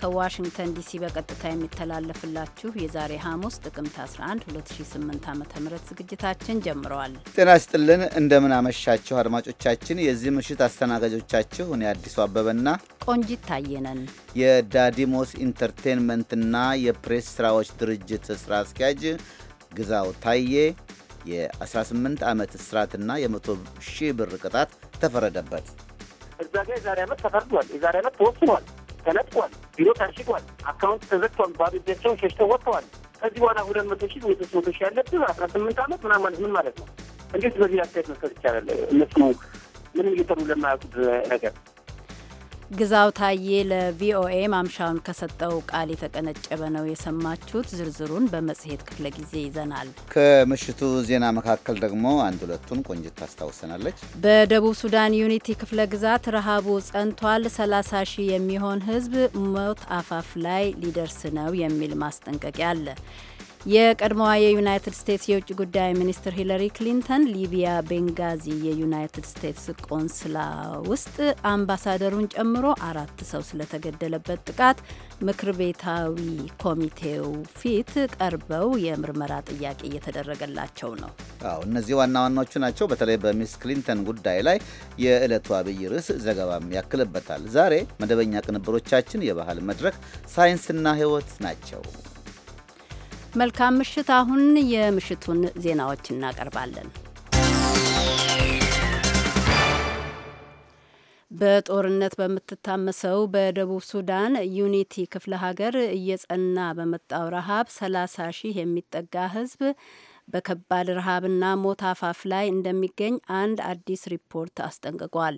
ከዋሽንግተን ዲሲ በቀጥታ የሚተላለፍላችሁ የዛሬ ሐሙስ ጥቅምት 11 2008 ዓ ም ዝግጅታችን ጀምረዋል። ጤና ስጥልን እንደምን አመሻችሁ አድማጮቻችን። የዚህ ምሽት አስተናጋጆቻችሁ እኔ አዲሱ አበበና ቆንጂት ታየነን። የዳዲሞስ ኢንተርቴንመንትና የፕሬስ ስራዎች ድርጅት ስራ አስኪያጅ ግዛው ታዬ የ18 ዓመት እስራትና የመቶ ሺህ ብር ቅጣት ተፈረደበት። እዛ ጋ የዛሬ ዓመት ተፈርዷል። የዛሬ ዓመት ተወስኗል። ተነጥቋል፣ ቢሮ ታሽጓል፣ አካውንት ተዘግቷል፣ ባዶ እጃቸውን ሸሽተው ወጥተዋል። ከዚህ በኋላ ሁለት መቶ ሺህ ወይ ሶስት መቶ ሺህ ያለብህ አስራ ስምንት ዓመት ምናምን ማለት ምን ማለት ነው? እንዴት በዚህ አስተያየት መስጠት ይቻላል? እነሱ ምንም እየሰሩ ለማያውቁት ነገር ግዛው ታዬ ለቪኦኤ ማምሻውን ከሰጠው ቃል የተቀነጨበ ነው የሰማችሁት። ዝርዝሩን በመጽሔት ክፍለ ጊዜ ይዘናል። ከምሽቱ ዜና መካከል ደግሞ አንድ ሁለቱን ቆንጅት ታስታውሰናለች። በደቡብ ሱዳን ዩኒቲ ክፍለ ግዛት ረሃቡ ጸንቷል፣ 30 ሺህ የሚሆን ህዝብ ሞት አፋፍ ላይ ሊደርስ ነው የሚል ማስጠንቀቂያ አለ። የቀድሞዋ የዩናይትድ ስቴትስ የውጭ ጉዳይ ሚኒስትር ሂለሪ ክሊንተን ሊቢያ ቤንጋዚ የዩናይትድ ስቴትስ ቆንስላ ውስጥ አምባሳደሩን ጨምሮ አራት ሰው ስለተገደለበት ጥቃት ምክር ቤታዊ ኮሚቴው ፊት ቀርበው የምርመራ ጥያቄ እየተደረገላቸው ነው። አዎ እነዚህ ዋና ዋናዎቹ ናቸው። በተለይ በሚስ ክሊንተን ጉዳይ ላይ የዕለቱ አብይ ርዕስ ዘገባም ያክልበታል። ዛሬ መደበኛ ቅንብሮቻችን የባህል መድረክ፣ ሳይንስና ህይወት ናቸው። መልካም ምሽት። አሁን የምሽቱን ዜናዎች እናቀርባለን። በጦርነት በምትታመሰው በደቡብ ሱዳን ዩኒቲ ክፍለ ሀገር እየጸና በመጣው ረሃብ 30 ሺህ የሚጠጋ ህዝብ በከባድ ረሃብና ሞት አፋፍ ላይ እንደሚገኝ አንድ አዲስ ሪፖርት አስጠንቅቋል።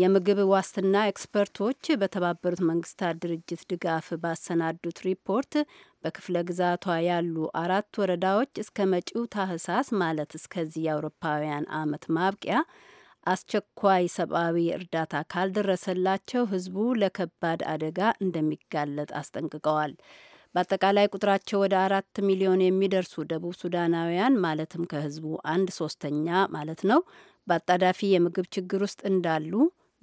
የምግብ ዋስትና ኤክስፐርቶች በተባበሩት መንግስታት ድርጅት ድጋፍ ባሰናዱት ሪፖርት በክፍለ ግዛቷ ያሉ አራት ወረዳዎች እስከ መጪው ታህሳስ ማለት እስከዚህ የአውሮፓውያን አመት ማብቂያ አስቸኳይ ሰብአዊ እርዳታ ካልደረሰላቸው ህዝቡ ለከባድ አደጋ እንደሚጋለጥ አስጠንቅቀዋል። በአጠቃላይ ቁጥራቸው ወደ አራት ሚሊዮን የሚደርሱ ደቡብ ሱዳናውያን ማለትም ከህዝቡ አንድ ሶስተኛ ማለት ነው በአጣዳፊ የምግብ ችግር ውስጥ እንዳሉ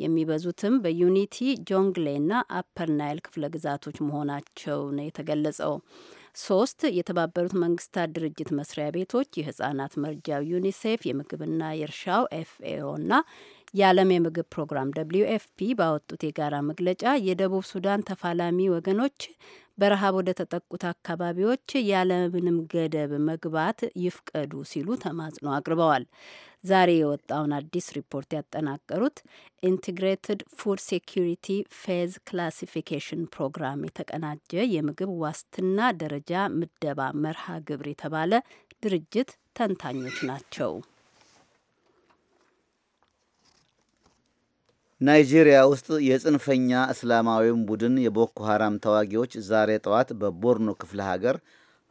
የሚበዙትም በዩኒቲ ጆንግሌና አፐር ናይል ክፍለ ግዛቶች መሆናቸው ነው የተገለጸው። ሶስት የተባበሩት መንግስታት ድርጅት መስሪያ ቤቶች የህጻናት መርጃው ዩኒሴፍ፣ የምግብና የእርሻው ኤፍኤኦና የዓለም የምግብ ፕሮግራም ደብሊዩ ኤፍፒ ባወጡት የጋራ መግለጫ የደቡብ ሱዳን ተፋላሚ ወገኖች በረሃብ ወደ ተጠቁት አካባቢዎች ያለምንም ገደብ መግባት ይፍቀዱ ሲሉ ተማጽኖ አቅርበዋል። ዛሬ የወጣውን አዲስ ሪፖርት ያጠናቀሩት ኢንቴግሬትድ ፉድ ሴኪሪቲ ፌዝ ክላሲፊኬሽን ፕሮግራም የተቀናጀ የምግብ ዋስትና ደረጃ ምደባ መርሃ ግብር የተባለ ድርጅት ተንታኞች ናቸው። ናይጄሪያ ውስጥ የጽንፈኛ እስላማዊውን ቡድን የቦኮ ሐራም ተዋጊዎች ዛሬ ጠዋት በቦርኖ ክፍለ ሀገር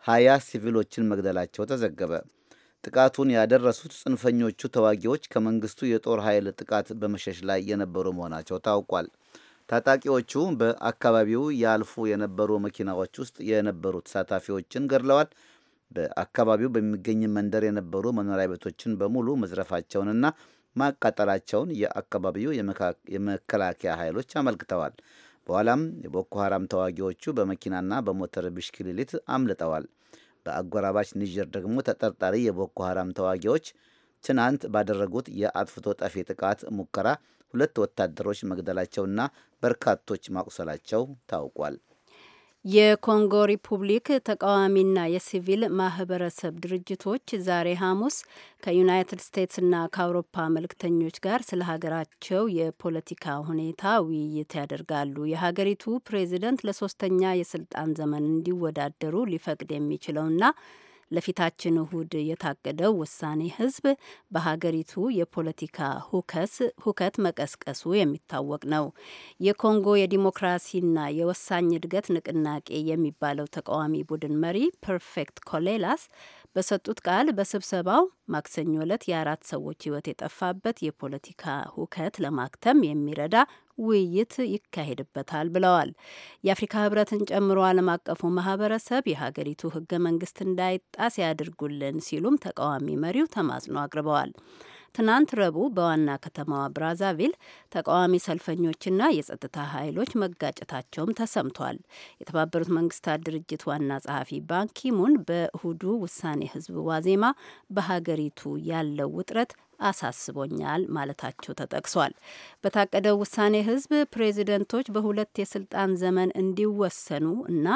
ሀያ ሲቪሎችን መግደላቸው ተዘገበ። ጥቃቱን ያደረሱት ጽንፈኞቹ ተዋጊዎች ከመንግስቱ የጦር ኃይል ጥቃት በመሸሽ ላይ የነበሩ መሆናቸው ታውቋል። ታጣቂዎቹ በአካባቢው ያልፉ የነበሩ መኪናዎች ውስጥ የነበሩ ተሳታፊዎችን ገድለዋል። በአካባቢው በሚገኝ መንደር የነበሩ መኖሪያ ቤቶችን በሙሉ መዝረፋቸውንና ማቃጠላቸውን የአካባቢው የመከላከያ ኃይሎች አመልክተዋል። በኋላም የቦኮ ሀራም ተዋጊዎቹ በመኪናና በሞተር ብስክሌት አምልጠዋል። በአጎራባች ኒጀር ደግሞ ተጠርጣሪ የቦኮ ሀራም ተዋጊዎች ትናንት ባደረጉት የአጥፍቶ ጠፊ ጥቃት ሙከራ ሁለት ወታደሮች መግደላቸውና በርካቶች ማቁሰላቸው ታውቋል። የኮንጎ ሪፑብሊክ ተቃዋሚና የሲቪል ማህበረሰብ ድርጅቶች ዛሬ ሐሙስ ከዩናይትድ ስቴትስና ከአውሮፓ መልእክተኞች ጋር ስለ ሀገራቸው የፖለቲካ ሁኔታ ውይይት ያደርጋሉ። የሀገሪቱ ፕሬዚደንት ለሶስተኛ የስልጣን ዘመን እንዲወዳደሩ ሊፈቅድ የሚችለውና ለፊታችን እሁድ የታቀደው ውሳኔ ህዝብ በሀገሪቱ የፖለቲካ ሁከስ ሁከት መቀስቀሱ የሚታወቅ ነው። የኮንጎ የዲሞክራሲና የወሳኝ እድገት ንቅናቄ የሚባለው ተቃዋሚ ቡድን መሪ ፐርፌክት ኮሌላስ በሰጡት ቃል በስብሰባው ማክሰኞ ዕለት የአራት ሰዎች ህይወት የጠፋበት የፖለቲካ ሁከት ለማክተም የሚረዳ ውይይት ይካሄድበታል ብለዋል። የአፍሪካ ህብረትን ጨምሮ ዓለም አቀፉ ማህበረሰብ የሀገሪቱ ህገ መንግስት እንዳይጣስ ያድርጉልን ሲሉም ተቃዋሚ መሪው ተማጽኖ አቅርበዋል። ትናንት ረቡዕ በዋና ከተማዋ ብራዛቪል ተቃዋሚ ሰልፈኞችና የጸጥታ ኃይሎች መጋጨታቸውም ተሰምቷል። የተባበሩት መንግስታት ድርጅት ዋና ጸሐፊ ባንኪሙን በእሁዱ ውሳኔ ህዝብ ዋዜማ በሀገሪቱ ያለው ውጥረት አሳስቦኛል ማለታቸው ተጠቅሷል። በታቀደው ውሳኔ ህዝብ ፕሬዚደንቶች በሁለት የስልጣን ዘመን እንዲወሰኑ እና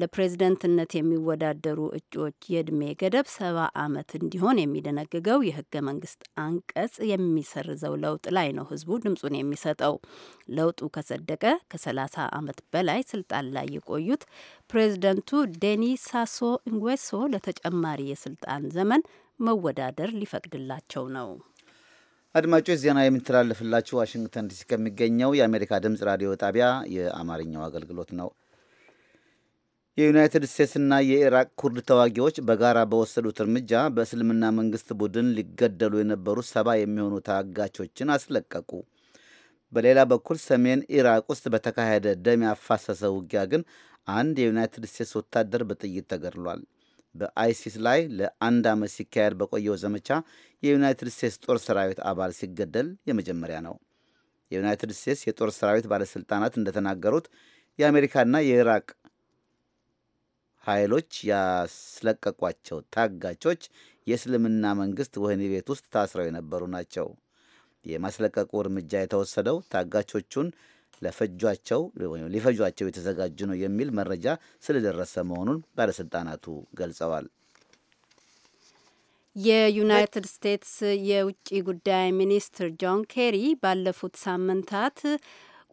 ለፕሬዝደንትነት የሚወዳደሩ እጩዎች የእድሜ ገደብ ሰባ ዓመት እንዲሆን የሚደነግገው የህገ መንግስት አንቀጽ የሚሰርዘው ለውጥ ላይ ነው ህዝቡ ድምጹን የሚሰጠው። ለውጡ ከጸደቀ 30 ዓመት በላይ ስልጣን ላይ የቆዩት ፕሬዝደንቱ ዴኒ ሳሶ ንጉዌሶ ለተጨማሪ የስልጣን ዘመን መወዳደር ሊፈቅድላቸው ነው። አድማጮች ዜና የሚተላለፍላችሁ ዋሽንግተን ዲሲ ከሚገኘው የአሜሪካ ድምፅ ራዲዮ ጣቢያ የአማርኛው አገልግሎት ነው። የዩናይትድ ስቴትስና የኢራቅ ኩርድ ተዋጊዎች በጋራ በወሰዱት እርምጃ በእስልምና መንግስት ቡድን ሊገደሉ የነበሩ ሰባ የሚሆኑ ታጋቾችን አስለቀቁ። በሌላ በኩል ሰሜን ኢራቅ ውስጥ በተካሄደ ደም ያፋሰሰ ውጊያ ግን አንድ የዩናይትድ ስቴትስ ወታደር በጥይት ተገድሏል። በአይሲስ ላይ ለአንድ ዓመት ሲካሄድ በቆየው ዘመቻ የዩናይትድ ስቴትስ ጦር ሰራዊት አባል ሲገደል የመጀመሪያ ነው። የዩናይትድ ስቴትስ የጦር ሰራዊት ባለሥልጣናት እንደተናገሩት የአሜሪካና የኢራቅ ኃይሎች ያስለቀቋቸው ታጋቾች የእስልምና መንግሥት ወህኒ ቤት ውስጥ ታስረው የነበሩ ናቸው። የማስለቀቁ እርምጃ የተወሰደው ታጋቾቹን ለፈጇቸው ወይም ሊፈጇቸው የተዘጋጁ ነው የሚል መረጃ ስለደረሰ መሆኑን ባለስልጣናቱ ገልጸዋል። የዩናይትድ ስቴትስ የውጭ ጉዳይ ሚኒስትር ጆን ኬሪ ባለፉት ሳምንታት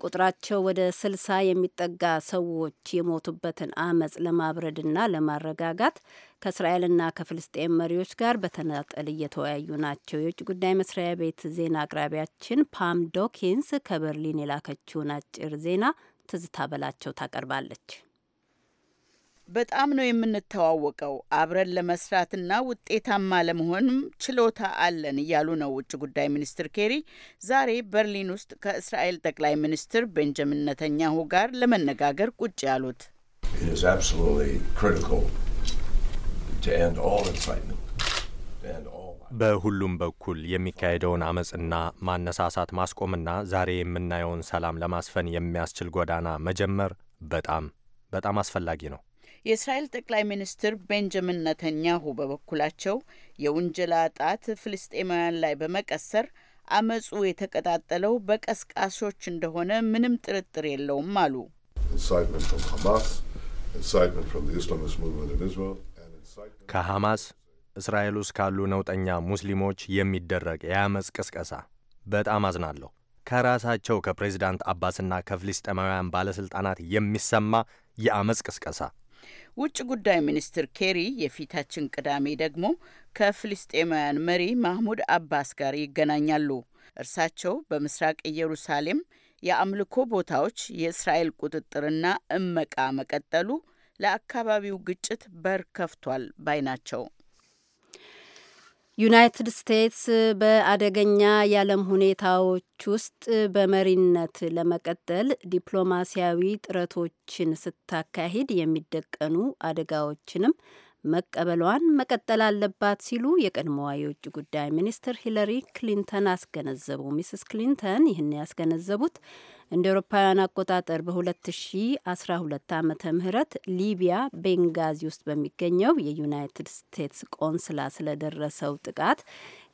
ቁጥራቸው ወደ ስልሳ የሚጠጋ ሰዎች የሞቱበትን አመፅ ለማብረድና ለማረጋጋት ከእስራኤልና ከፍልስጤም መሪዎች ጋር በተናጠል እየተወያዩ ናቸው። የውጭ ጉዳይ መስሪያ ቤት ዜና አቅራቢያችን ፓም ዶኪንስ ከበርሊን የላከችውን አጭር ዜና ትዝታ በላቸው ታቀርባለች። በጣም ነው የምንተዋወቀው። አብረን ለመስራትና ውጤታማ ለመሆንም ችሎታ አለን እያሉ ነው ውጭ ጉዳይ ሚኒስትር ኬሪ ዛሬ በርሊን ውስጥ ከእስራኤል ጠቅላይ ሚኒስትር ቤንጃሚን ነተኛሁ ጋር ለመነጋገር ቁጭ ያሉት። በሁሉም በኩል የሚካሄደውን አመፅና ማነሳሳት ማስቆምና ዛሬ የምናየውን ሰላም ለማስፈን የሚያስችል ጎዳና መጀመር በጣም በጣም አስፈላጊ ነው። የእስራኤል ጠቅላይ ሚኒስትር ቤንጃሚን ነተንያሁ በበኩላቸው የውንጀላ ጣት ፍልስጤማውያን ላይ በመቀሰር አመጹ የተቀጣጠለው በቀስቃሾች እንደሆነ ምንም ጥርጥር የለውም አሉ። ከሐማስ እስራኤል ውስጥ ካሉ ነውጠኛ ሙስሊሞች የሚደረግ የአመፅ ቅስቀሳ በጣም አዝናለሁ። ከራሳቸው ከፕሬዚዳንት አባስና ከፍልስጤማውያን ባለሥልጣናት የሚሰማ የአመፅ ቅስቀሳ ውጭ ጉዳይ ሚኒስትር ኬሪ የፊታችን ቅዳሜ ደግሞ ከፍልስጤማውያን መሪ ማህሙድ አባስ ጋር ይገናኛሉ። እርሳቸው በምስራቅ ኢየሩሳሌም የአምልኮ ቦታዎች የእስራኤል ቁጥጥርና እመቃ መቀጠሉ ለአካባቢው ግጭት በር ከፍቷል ባይ ናቸው። ዩናይትድ ስቴትስ በአደገኛ የዓለም ሁኔታዎች ውስጥ በመሪነት ለመቀጠል ዲፕሎማሲያዊ ጥረቶችን ስታካሂድ የሚደቀኑ አደጋዎችንም መቀበሏን መቀጠል አለባት ሲሉ የቀድሞዋ የውጭ ጉዳይ ሚኒስትር ሂለሪ ክሊንተን አስገነዘቡ። ሚስስ ክሊንተን ይህን ያስገነዘቡት እንደ ኤሮፓውያን አቆጣጠር በ2012 ዓ ም ሊቢያ ቤንጋዚ ውስጥ በሚገኘው የዩናይትድ ስቴትስ ቆንስላ ስለደረሰው ጥቃት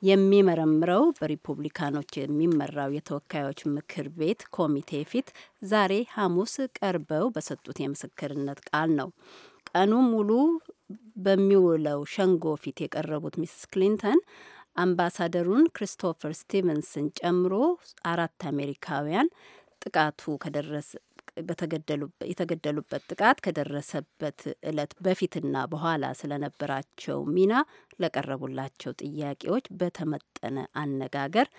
የሚመረምረው በሪፑብሊካኖች የሚመራው የተወካዮች ምክር ቤት ኮሚቴ ፊት ዛሬ ሐሙስ ቀርበው በሰጡት የምስክርነት ቃል ነው። ቀኑ ሙሉ በሚውለው ሸንጎ ፊት የቀረቡት ሚስስ ክሊንተን አምባሳደሩን ክሪስቶፈር ስቲቨንስን ጨምሮ አራት አሜሪካውያን ጥቃቱ ከደረሰ የተገደሉበት ጥቃት ከደረሰበት እለት በፊትና በኋላ ስለነበራቸው ሚና ለቀረቡላቸው ጥያቄዎች በተመጠነ አነጋገር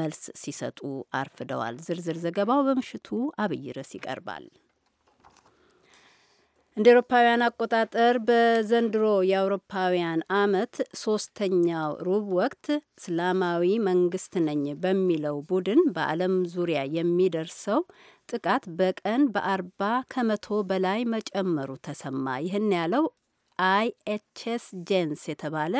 መልስ ሲሰጡ አርፍደዋል። ዝርዝር ዘገባው በምሽቱ አብይ ርዕስ ይቀርባል። እንደ ኤሮፓውያን አቆጣጠር በዘንድሮ የአውሮፓውያን አመት ሶስተኛው ሩብ ወቅት እስላማዊ መንግስት ነኝ በሚለው ቡድን በዓለም ዙሪያ የሚደርሰው ጥቃት በቀን በአርባ ከመቶ በላይ መጨመሩ ተሰማ። ይህን ያለው አይኤችኤስ ጄንስ የተባለ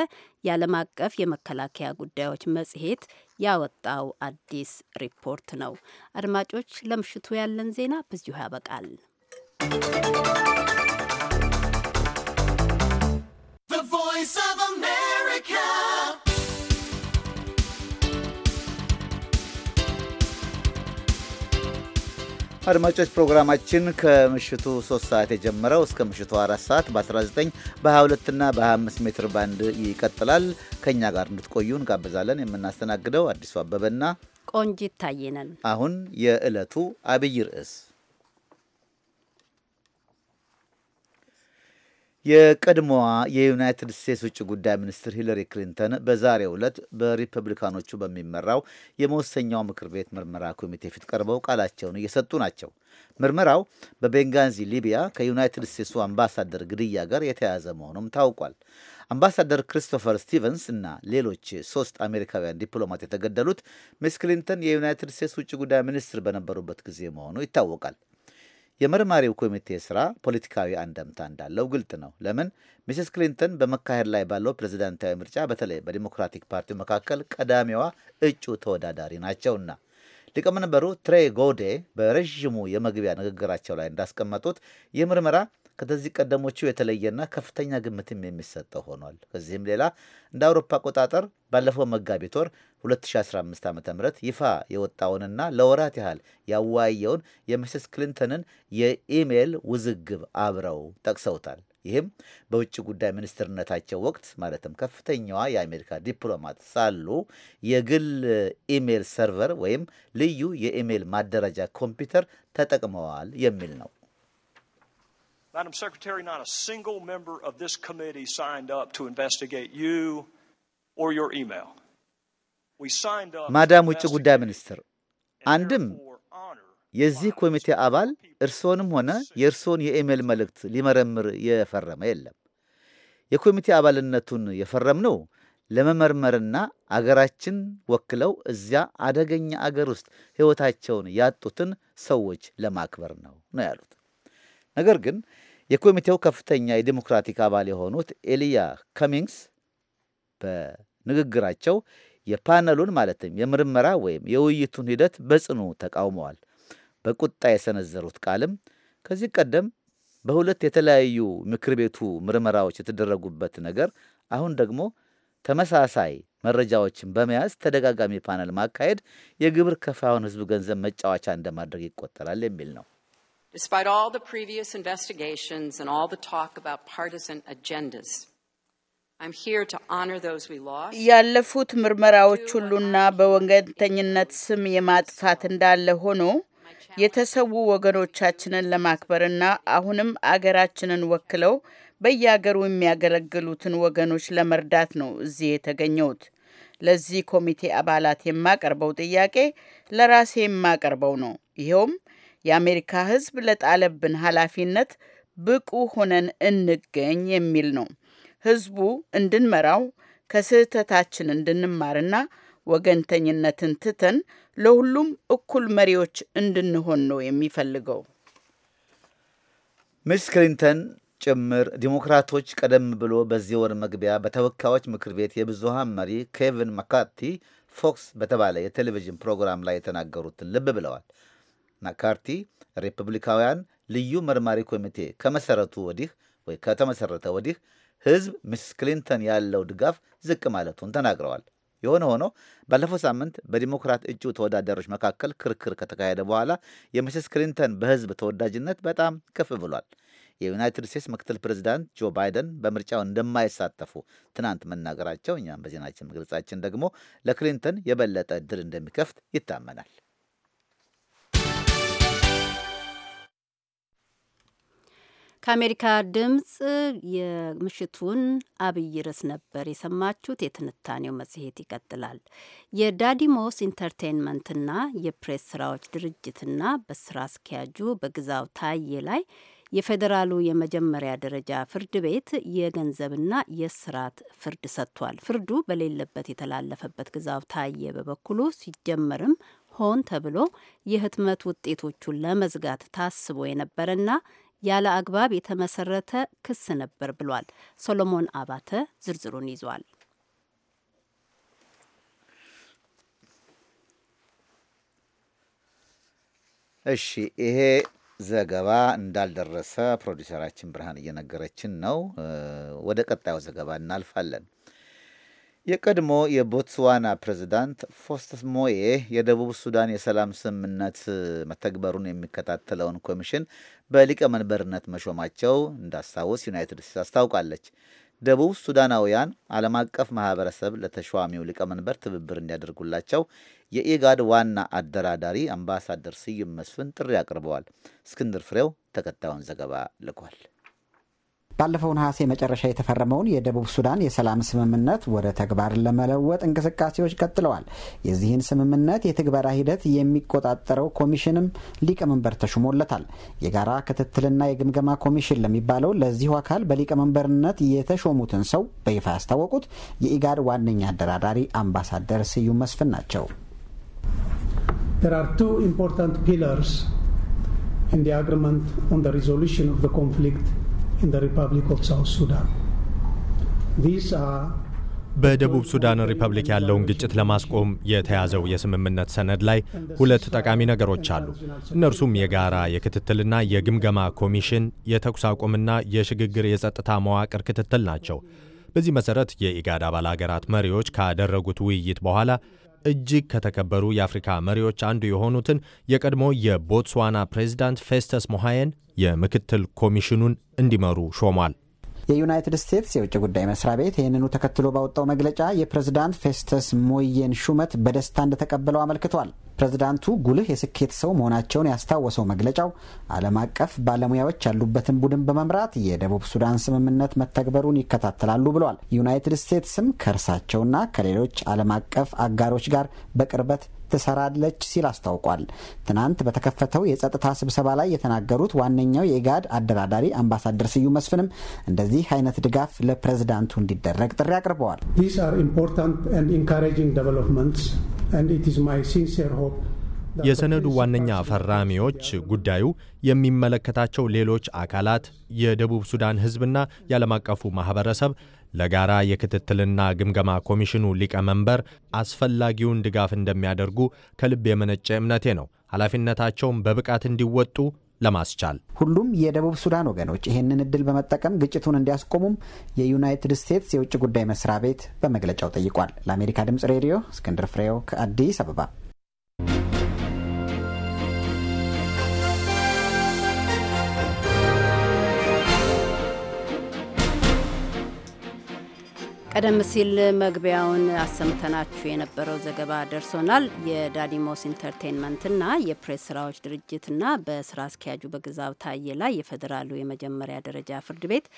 የዓለም አቀፍ የመከላከያ ጉዳዮች መጽሔት ያወጣው አዲስ ሪፖርት ነው። አድማጮች፣ ለምሽቱ ያለን ዜና በዚሁ ያበቃል። Voice of America. አድማጮች ፕሮግራማችን ከምሽቱ 3 ሰዓት የጀመረው እስከ ምሽቱ 4 ሰዓት በ19 በ22ና በ25 ሜትር ባንድ ይቀጥላል። ከእኛ ጋር እንድትቆዩ እንጋብዛለን። የምናስተናግደው አዲሱ አበበና ቆንጂት ታየነን። አሁን የዕለቱ አብይ ርዕስ የቀድሞዋ የዩናይትድ ስቴትስ ውጭ ጉዳይ ሚኒስትር ሂለሪ ክሊንተን በዛሬው ዕለት በሪፐብሊካኖቹ በሚመራው የመወሰኛው ምክር ቤት ምርመራ ኮሚቴ ፊት ቀርበው ቃላቸውን እየሰጡ ናቸው። ምርመራው በቤንጋዚ ሊቢያ ከዩናይትድ ስቴትሱ አምባሳደር ግድያ ጋር የተያያዘ መሆኑም ታውቋል። አምባሳደር ክሪስቶፈር ስቲቨንስ እና ሌሎች ሶስት አሜሪካውያን ዲፕሎማት የተገደሉት ሚስ ክሊንተን የዩናይትድ ስቴትስ ውጭ ጉዳይ ሚኒስትር በነበሩበት ጊዜ መሆኑ ይታወቃል። የመርማሪው ኮሚቴ ስራ ፖለቲካዊ አንደምታ እንዳለው ግልጥ ነው። ለምን ሚስስ ክሊንተን በመካሄድ ላይ ባለው ፕሬዚዳንታዊ ምርጫ በተለይ በዲሞክራቲክ ፓርቲው መካከል ቀዳሚዋ እጩ ተወዳዳሪ ናቸውና። ሊቀመንበሩ ትሬ ጎዴ በረዥሙ የመግቢያ ንግግራቸው ላይ እንዳስቀመጡት ይህ ምርመራ ከተዚህ ቀደሞቹ የተለየና ከፍተኛ ግምትም የሚሰጠው ሆኗል። ከዚህም ሌላ እንደ አውሮፓ አቆጣጠር ባለፈው መጋቢት ወር 2015 ዓ ም ይፋ የወጣውንና ለወራት ያህል ያወያየውን የሚስስ ክሊንተንን የኢሜይል ውዝግብ አብረው ጠቅሰውታል። ይህም በውጭ ጉዳይ ሚኒስትርነታቸው ወቅት ማለትም ከፍተኛዋ የአሜሪካ ዲፕሎማት ሳሉ የግል ኢሜይል ሰርቨር ወይም ልዩ የኢሜይል ማደራጃ ኮምፒውተር ተጠቅመዋል የሚል ነው። Madam Secretary, not a single member of this committee signed up to investigate you or your email. ማዳም ውጭ ጉዳይ ሚኒስትር፣ አንድም የዚህ ኮሚቴ አባል እርስዎንም ሆነ የእርስዎን የኢሜል መልእክት ሊመረምር የፈረመ የለም። የኮሚቴ አባልነቱን የፈረምነው ለመመርመርና አገራችን ወክለው እዚያ አደገኛ አገር ውስጥ ሕይወታቸውን ያጡትን ሰዎች ለማክበር ነው ነው ያሉት። ነገር ግን የኮሚቴው ከፍተኛ የዲሞክራቲክ አባል የሆኑት ኤልያ ከሚንግስ በንግግራቸው የፓነሉን ማለትም የምርመራ ወይም የውይይቱን ሂደት በጽኑ ተቃውመዋል። በቁጣ የሰነዘሩት ቃልም ከዚህ ቀደም በሁለት የተለያዩ ምክር ቤቱ ምርመራዎች የተደረጉበት ነገር አሁን ደግሞ ተመሳሳይ መረጃዎችን በመያዝ ተደጋጋሚ ፓነል ማካሄድ የግብር ከፋዩን ሕዝብ ገንዘብ መጫወቻ እንደማድረግ ይቆጠራል የሚል ነው። Despite all the previous investigations and all the talk about partisan agendas, ያለፉት ምርመራዎች ሁሉና በወገንተኝነት ስም የማጥፋት እንዳለ ሆኖ የተሰዉ ወገኖቻችንን ለማክበርና አሁንም አገራችንን ወክለው በየአገሩ የሚያገለግሉትን ወገኖች ለመርዳት ነው እዚህ የተገኘሁት። ለዚህ ኮሚቴ አባላት የማቀርበው ጥያቄ ለራሴ የማቀርበው ነው። ይኸውም የአሜሪካ ሕዝብ ለጣለብን ኃላፊነት ብቁ ሆነን እንገኝ የሚል ነው። ህዝቡ እንድንመራው ከስህተታችን እንድንማርና ወገንተኝነትን ትተን ለሁሉም እኩል መሪዎች እንድንሆን ነው የሚፈልገው። ሚስ ክሊንተን ጭምር ዲሞክራቶች ቀደም ብሎ በዚህ ወር መግቢያ በተወካዮች ምክር ቤት የብዙሃን መሪ ኬቪን መካርቲ ፎክስ በተባለ የቴሌቪዥን ፕሮግራም ላይ የተናገሩትን ልብ ብለዋል። መካርቲ ሪፐብሊካውያን ልዩ መርማሪ ኮሚቴ ከመሰረቱ ወዲህ ወይ ከተመሰረተ ወዲህ ህዝብ ሚስስ ክሊንተን ያለው ድጋፍ ዝቅ ማለቱን ተናግረዋል። የሆነ ሆኖ ባለፈው ሳምንት በዲሞክራት እጩ ተወዳዳሪዎች መካከል ክርክር ከተካሄደ በኋላ የሚስስ ክሊንተን በህዝብ ተወዳጅነት በጣም ከፍ ብሏል። የዩናይትድ ስቴትስ ምክትል ፕሬዚዳንት ጆ ባይደን በምርጫው እንደማይሳተፉ ትናንት መናገራቸው፣ እኛም በዜናችን መግለጻችን ደግሞ ለክሊንተን የበለጠ እድል እንደሚከፍት ይታመናል። ከአሜሪካ ድምፅ የምሽቱን አብይ ርዕስ ነበር የሰማችሁት። የትንታኔው መጽሔት ይቀጥላል። የዳዲሞስ ኢንተርቴንመንትና የፕሬስ ስራዎች ድርጅትና በስራ አስኪያጁ በግዛው ታዬ ላይ የፌዴራሉ የመጀመሪያ ደረጃ ፍርድ ቤት የገንዘብና የስርዓት ፍርድ ሰጥቷል። ፍርዱ በሌለበት የተላለፈበት ግዛው ታየ በበኩሉ ሲጀመርም ሆን ተብሎ የህትመት ውጤቶቹን ለመዝጋት ታስቦ የነበረና ያለ አግባብ የተመሰረተ ክስ ነበር ብሏል። ሶሎሞን አባተ ዝርዝሩን ይዟል። እሺ ይሄ ዘገባ እንዳልደረሰ ፕሮዲሰራችን ብርሃን እየነገረችን ነው። ወደ ቀጣዩ ዘገባ እናልፋለን። የቀድሞ የቦትስዋና ፕሬዚዳንት ፎስተስ ሞዬ የደቡብ ሱዳን የሰላም ስምምነት መተግበሩን የሚከታተለውን ኮሚሽን በሊቀመንበርነት መሾማቸው እንዳስታወስ ዩናይትድ ስቴትስ አስታውቃለች። ደቡብ ሱዳናውያን ዓለም አቀፍ ማህበረሰብ ለተሿሚው ሊቀመንበር ትብብር እንዲያደርጉላቸው የኢጋድ ዋና አደራዳሪ አምባሳደር ስዩም መስፍን ጥሪ አቅርበዋል። እስክንድር ፍሬው ተከታዩን ዘገባ ልኳል። ባለፈው ነሐሴ መጨረሻ የተፈረመውን የደቡብ ሱዳን የሰላም ስምምነት ወደ ተግባር ለመለወጥ እንቅስቃሴዎች ቀጥለዋል። የዚህን ስምምነት የትግበራ ሂደት የሚቆጣጠረው ኮሚሽንም ሊቀመንበር ተሹሞለታል። የጋራ ክትትልና የግምገማ ኮሚሽን ለሚባለው ለዚሁ አካል በሊቀመንበርነት የተሾሙትን ሰው በይፋ ያስታወቁት የኢጋድ ዋነኛ አደራዳሪ አምባሳደር ስዩም መስፍን ናቸው። There are two important pillars in the agreement on the resolution of the conflict in the Republic of South Sudan. These are በደቡብ ሱዳን ሪፐብሊክ ያለውን ግጭት ለማስቆም የተያዘው የስምምነት ሰነድ ላይ ሁለት ጠቃሚ ነገሮች አሉ። እነርሱም የጋራ የክትትልና የግምገማ ኮሚሽን፣ የተኩስ አቁምና የሽግግር የጸጥታ መዋቅር ክትትል ናቸው። በዚህ መሠረት የኢጋድ አባል አገራት መሪዎች ካደረጉት ውይይት በኋላ እጅግ ከተከበሩ የአፍሪካ መሪዎች አንዱ የሆኑትን የቀድሞ የቦትስዋና ፕሬዚዳንት ፌስተስ ሞሃየን የምክትል ኮሚሽኑን እንዲመሩ ሾሟል። የዩናይትድ ስቴትስ የውጭ ጉዳይ መስሪያ ቤት ይህንኑ ተከትሎ ባወጣው መግለጫ የፕሬዝዳንት ፌስተስ ሞየን ሹመት በደስታ እንደተቀበለው አመልክቷል። ፕሬዝዳንቱ ጉልህ የስኬት ሰው መሆናቸውን ያስታወሰው መግለጫው ዓለም አቀፍ ባለሙያዎች ያሉበትን ቡድን በመምራት የደቡብ ሱዳን ስምምነት መተግበሩን ይከታተላሉ ብሏል። ዩናይትድ ስቴትስም ከእርሳቸውና ከሌሎች ዓለም አቀፍ አጋሮች ጋር በቅርበት ትሰራለች ሲል አስታውቋል። ትናንት በተከፈተው የጸጥታ ስብሰባ ላይ የተናገሩት ዋነኛው የኢጋድ አደራዳሪ አምባሳደር ስዩም መስፍንም እንደዚህ አይነት ድጋፍ ለፕሬዝዳንቱ እንዲደረግ ጥሪ አቅርበዋል። የሰነዱ ዋነኛ ፈራሚዎች ጉዳዩ የሚመለከታቸው ሌሎች አካላት፣ የደቡብ ሱዳን ሕዝብና የዓለም አቀፉ ማህበረሰብ ለጋራ የክትትልና ግምገማ ኮሚሽኑ ሊቀመንበር አስፈላጊውን ድጋፍ እንደሚያደርጉ ከልብ የመነጨ እምነቴ ነው። ኃላፊነታቸውን በብቃት እንዲወጡ ለማስቻል ሁሉም የደቡብ ሱዳን ወገኖች ይህንን እድል በመጠቀም ግጭቱን እንዲያስቆሙም የዩናይትድ ስቴትስ የውጭ ጉዳይ መስሪያ ቤት በመግለጫው ጠይቋል። ለአሜሪካ ድምጽ ሬዲዮ እስክንድር ፍሬው ከአዲስ አበባ ቀደም ሲል መግቢያውን አሰምተናችሁ የነበረው ዘገባ ደርሶናል። የዳዲሞስ ኢንተርቴንመንትና የፕሬስ ስራዎች ድርጅትና በስራ አስኪያጁ በግዛው ታዬ ላይ የፌዴራሉ የመጀመሪያ ደረጃ ፍርድ ቤት